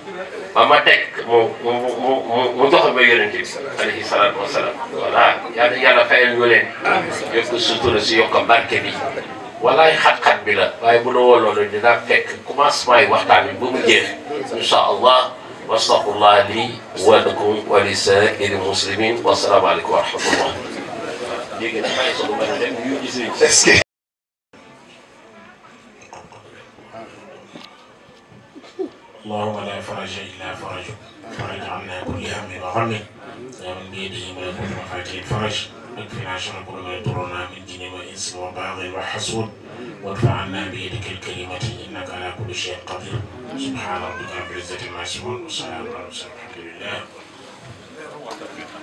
Speaker 10: ba ma teg mu mu mu mu doxal ba yonent bi alayhi salaatu wa salaam voilà yàlla yàlla fayal ñu leen yokk sutura si yokk barke bi walaay xat-xat bi la waaye bu la woo loolu dinaa fekk commencement yi waxtaan bi ba mu jeex incha allah wastaghfirullah li wa lakum wa li saa'iril muslimin wa salaamu aleykum wa rahmatullah léegi damay soog a mën a dem ñu gis اللهم لا فرج إلا فرج فرج عنا كل هم وغم ومن بيده ملكوت مفاتيح الفرج اكفنا شر كل ما يضرنا من دين وإنس وباغي وحسود وادفع عنا بيدك الكلمة إنك على كل شيء قدير سبحان ربك رب العزة عما يصفون وسلام على المرسلين الله لله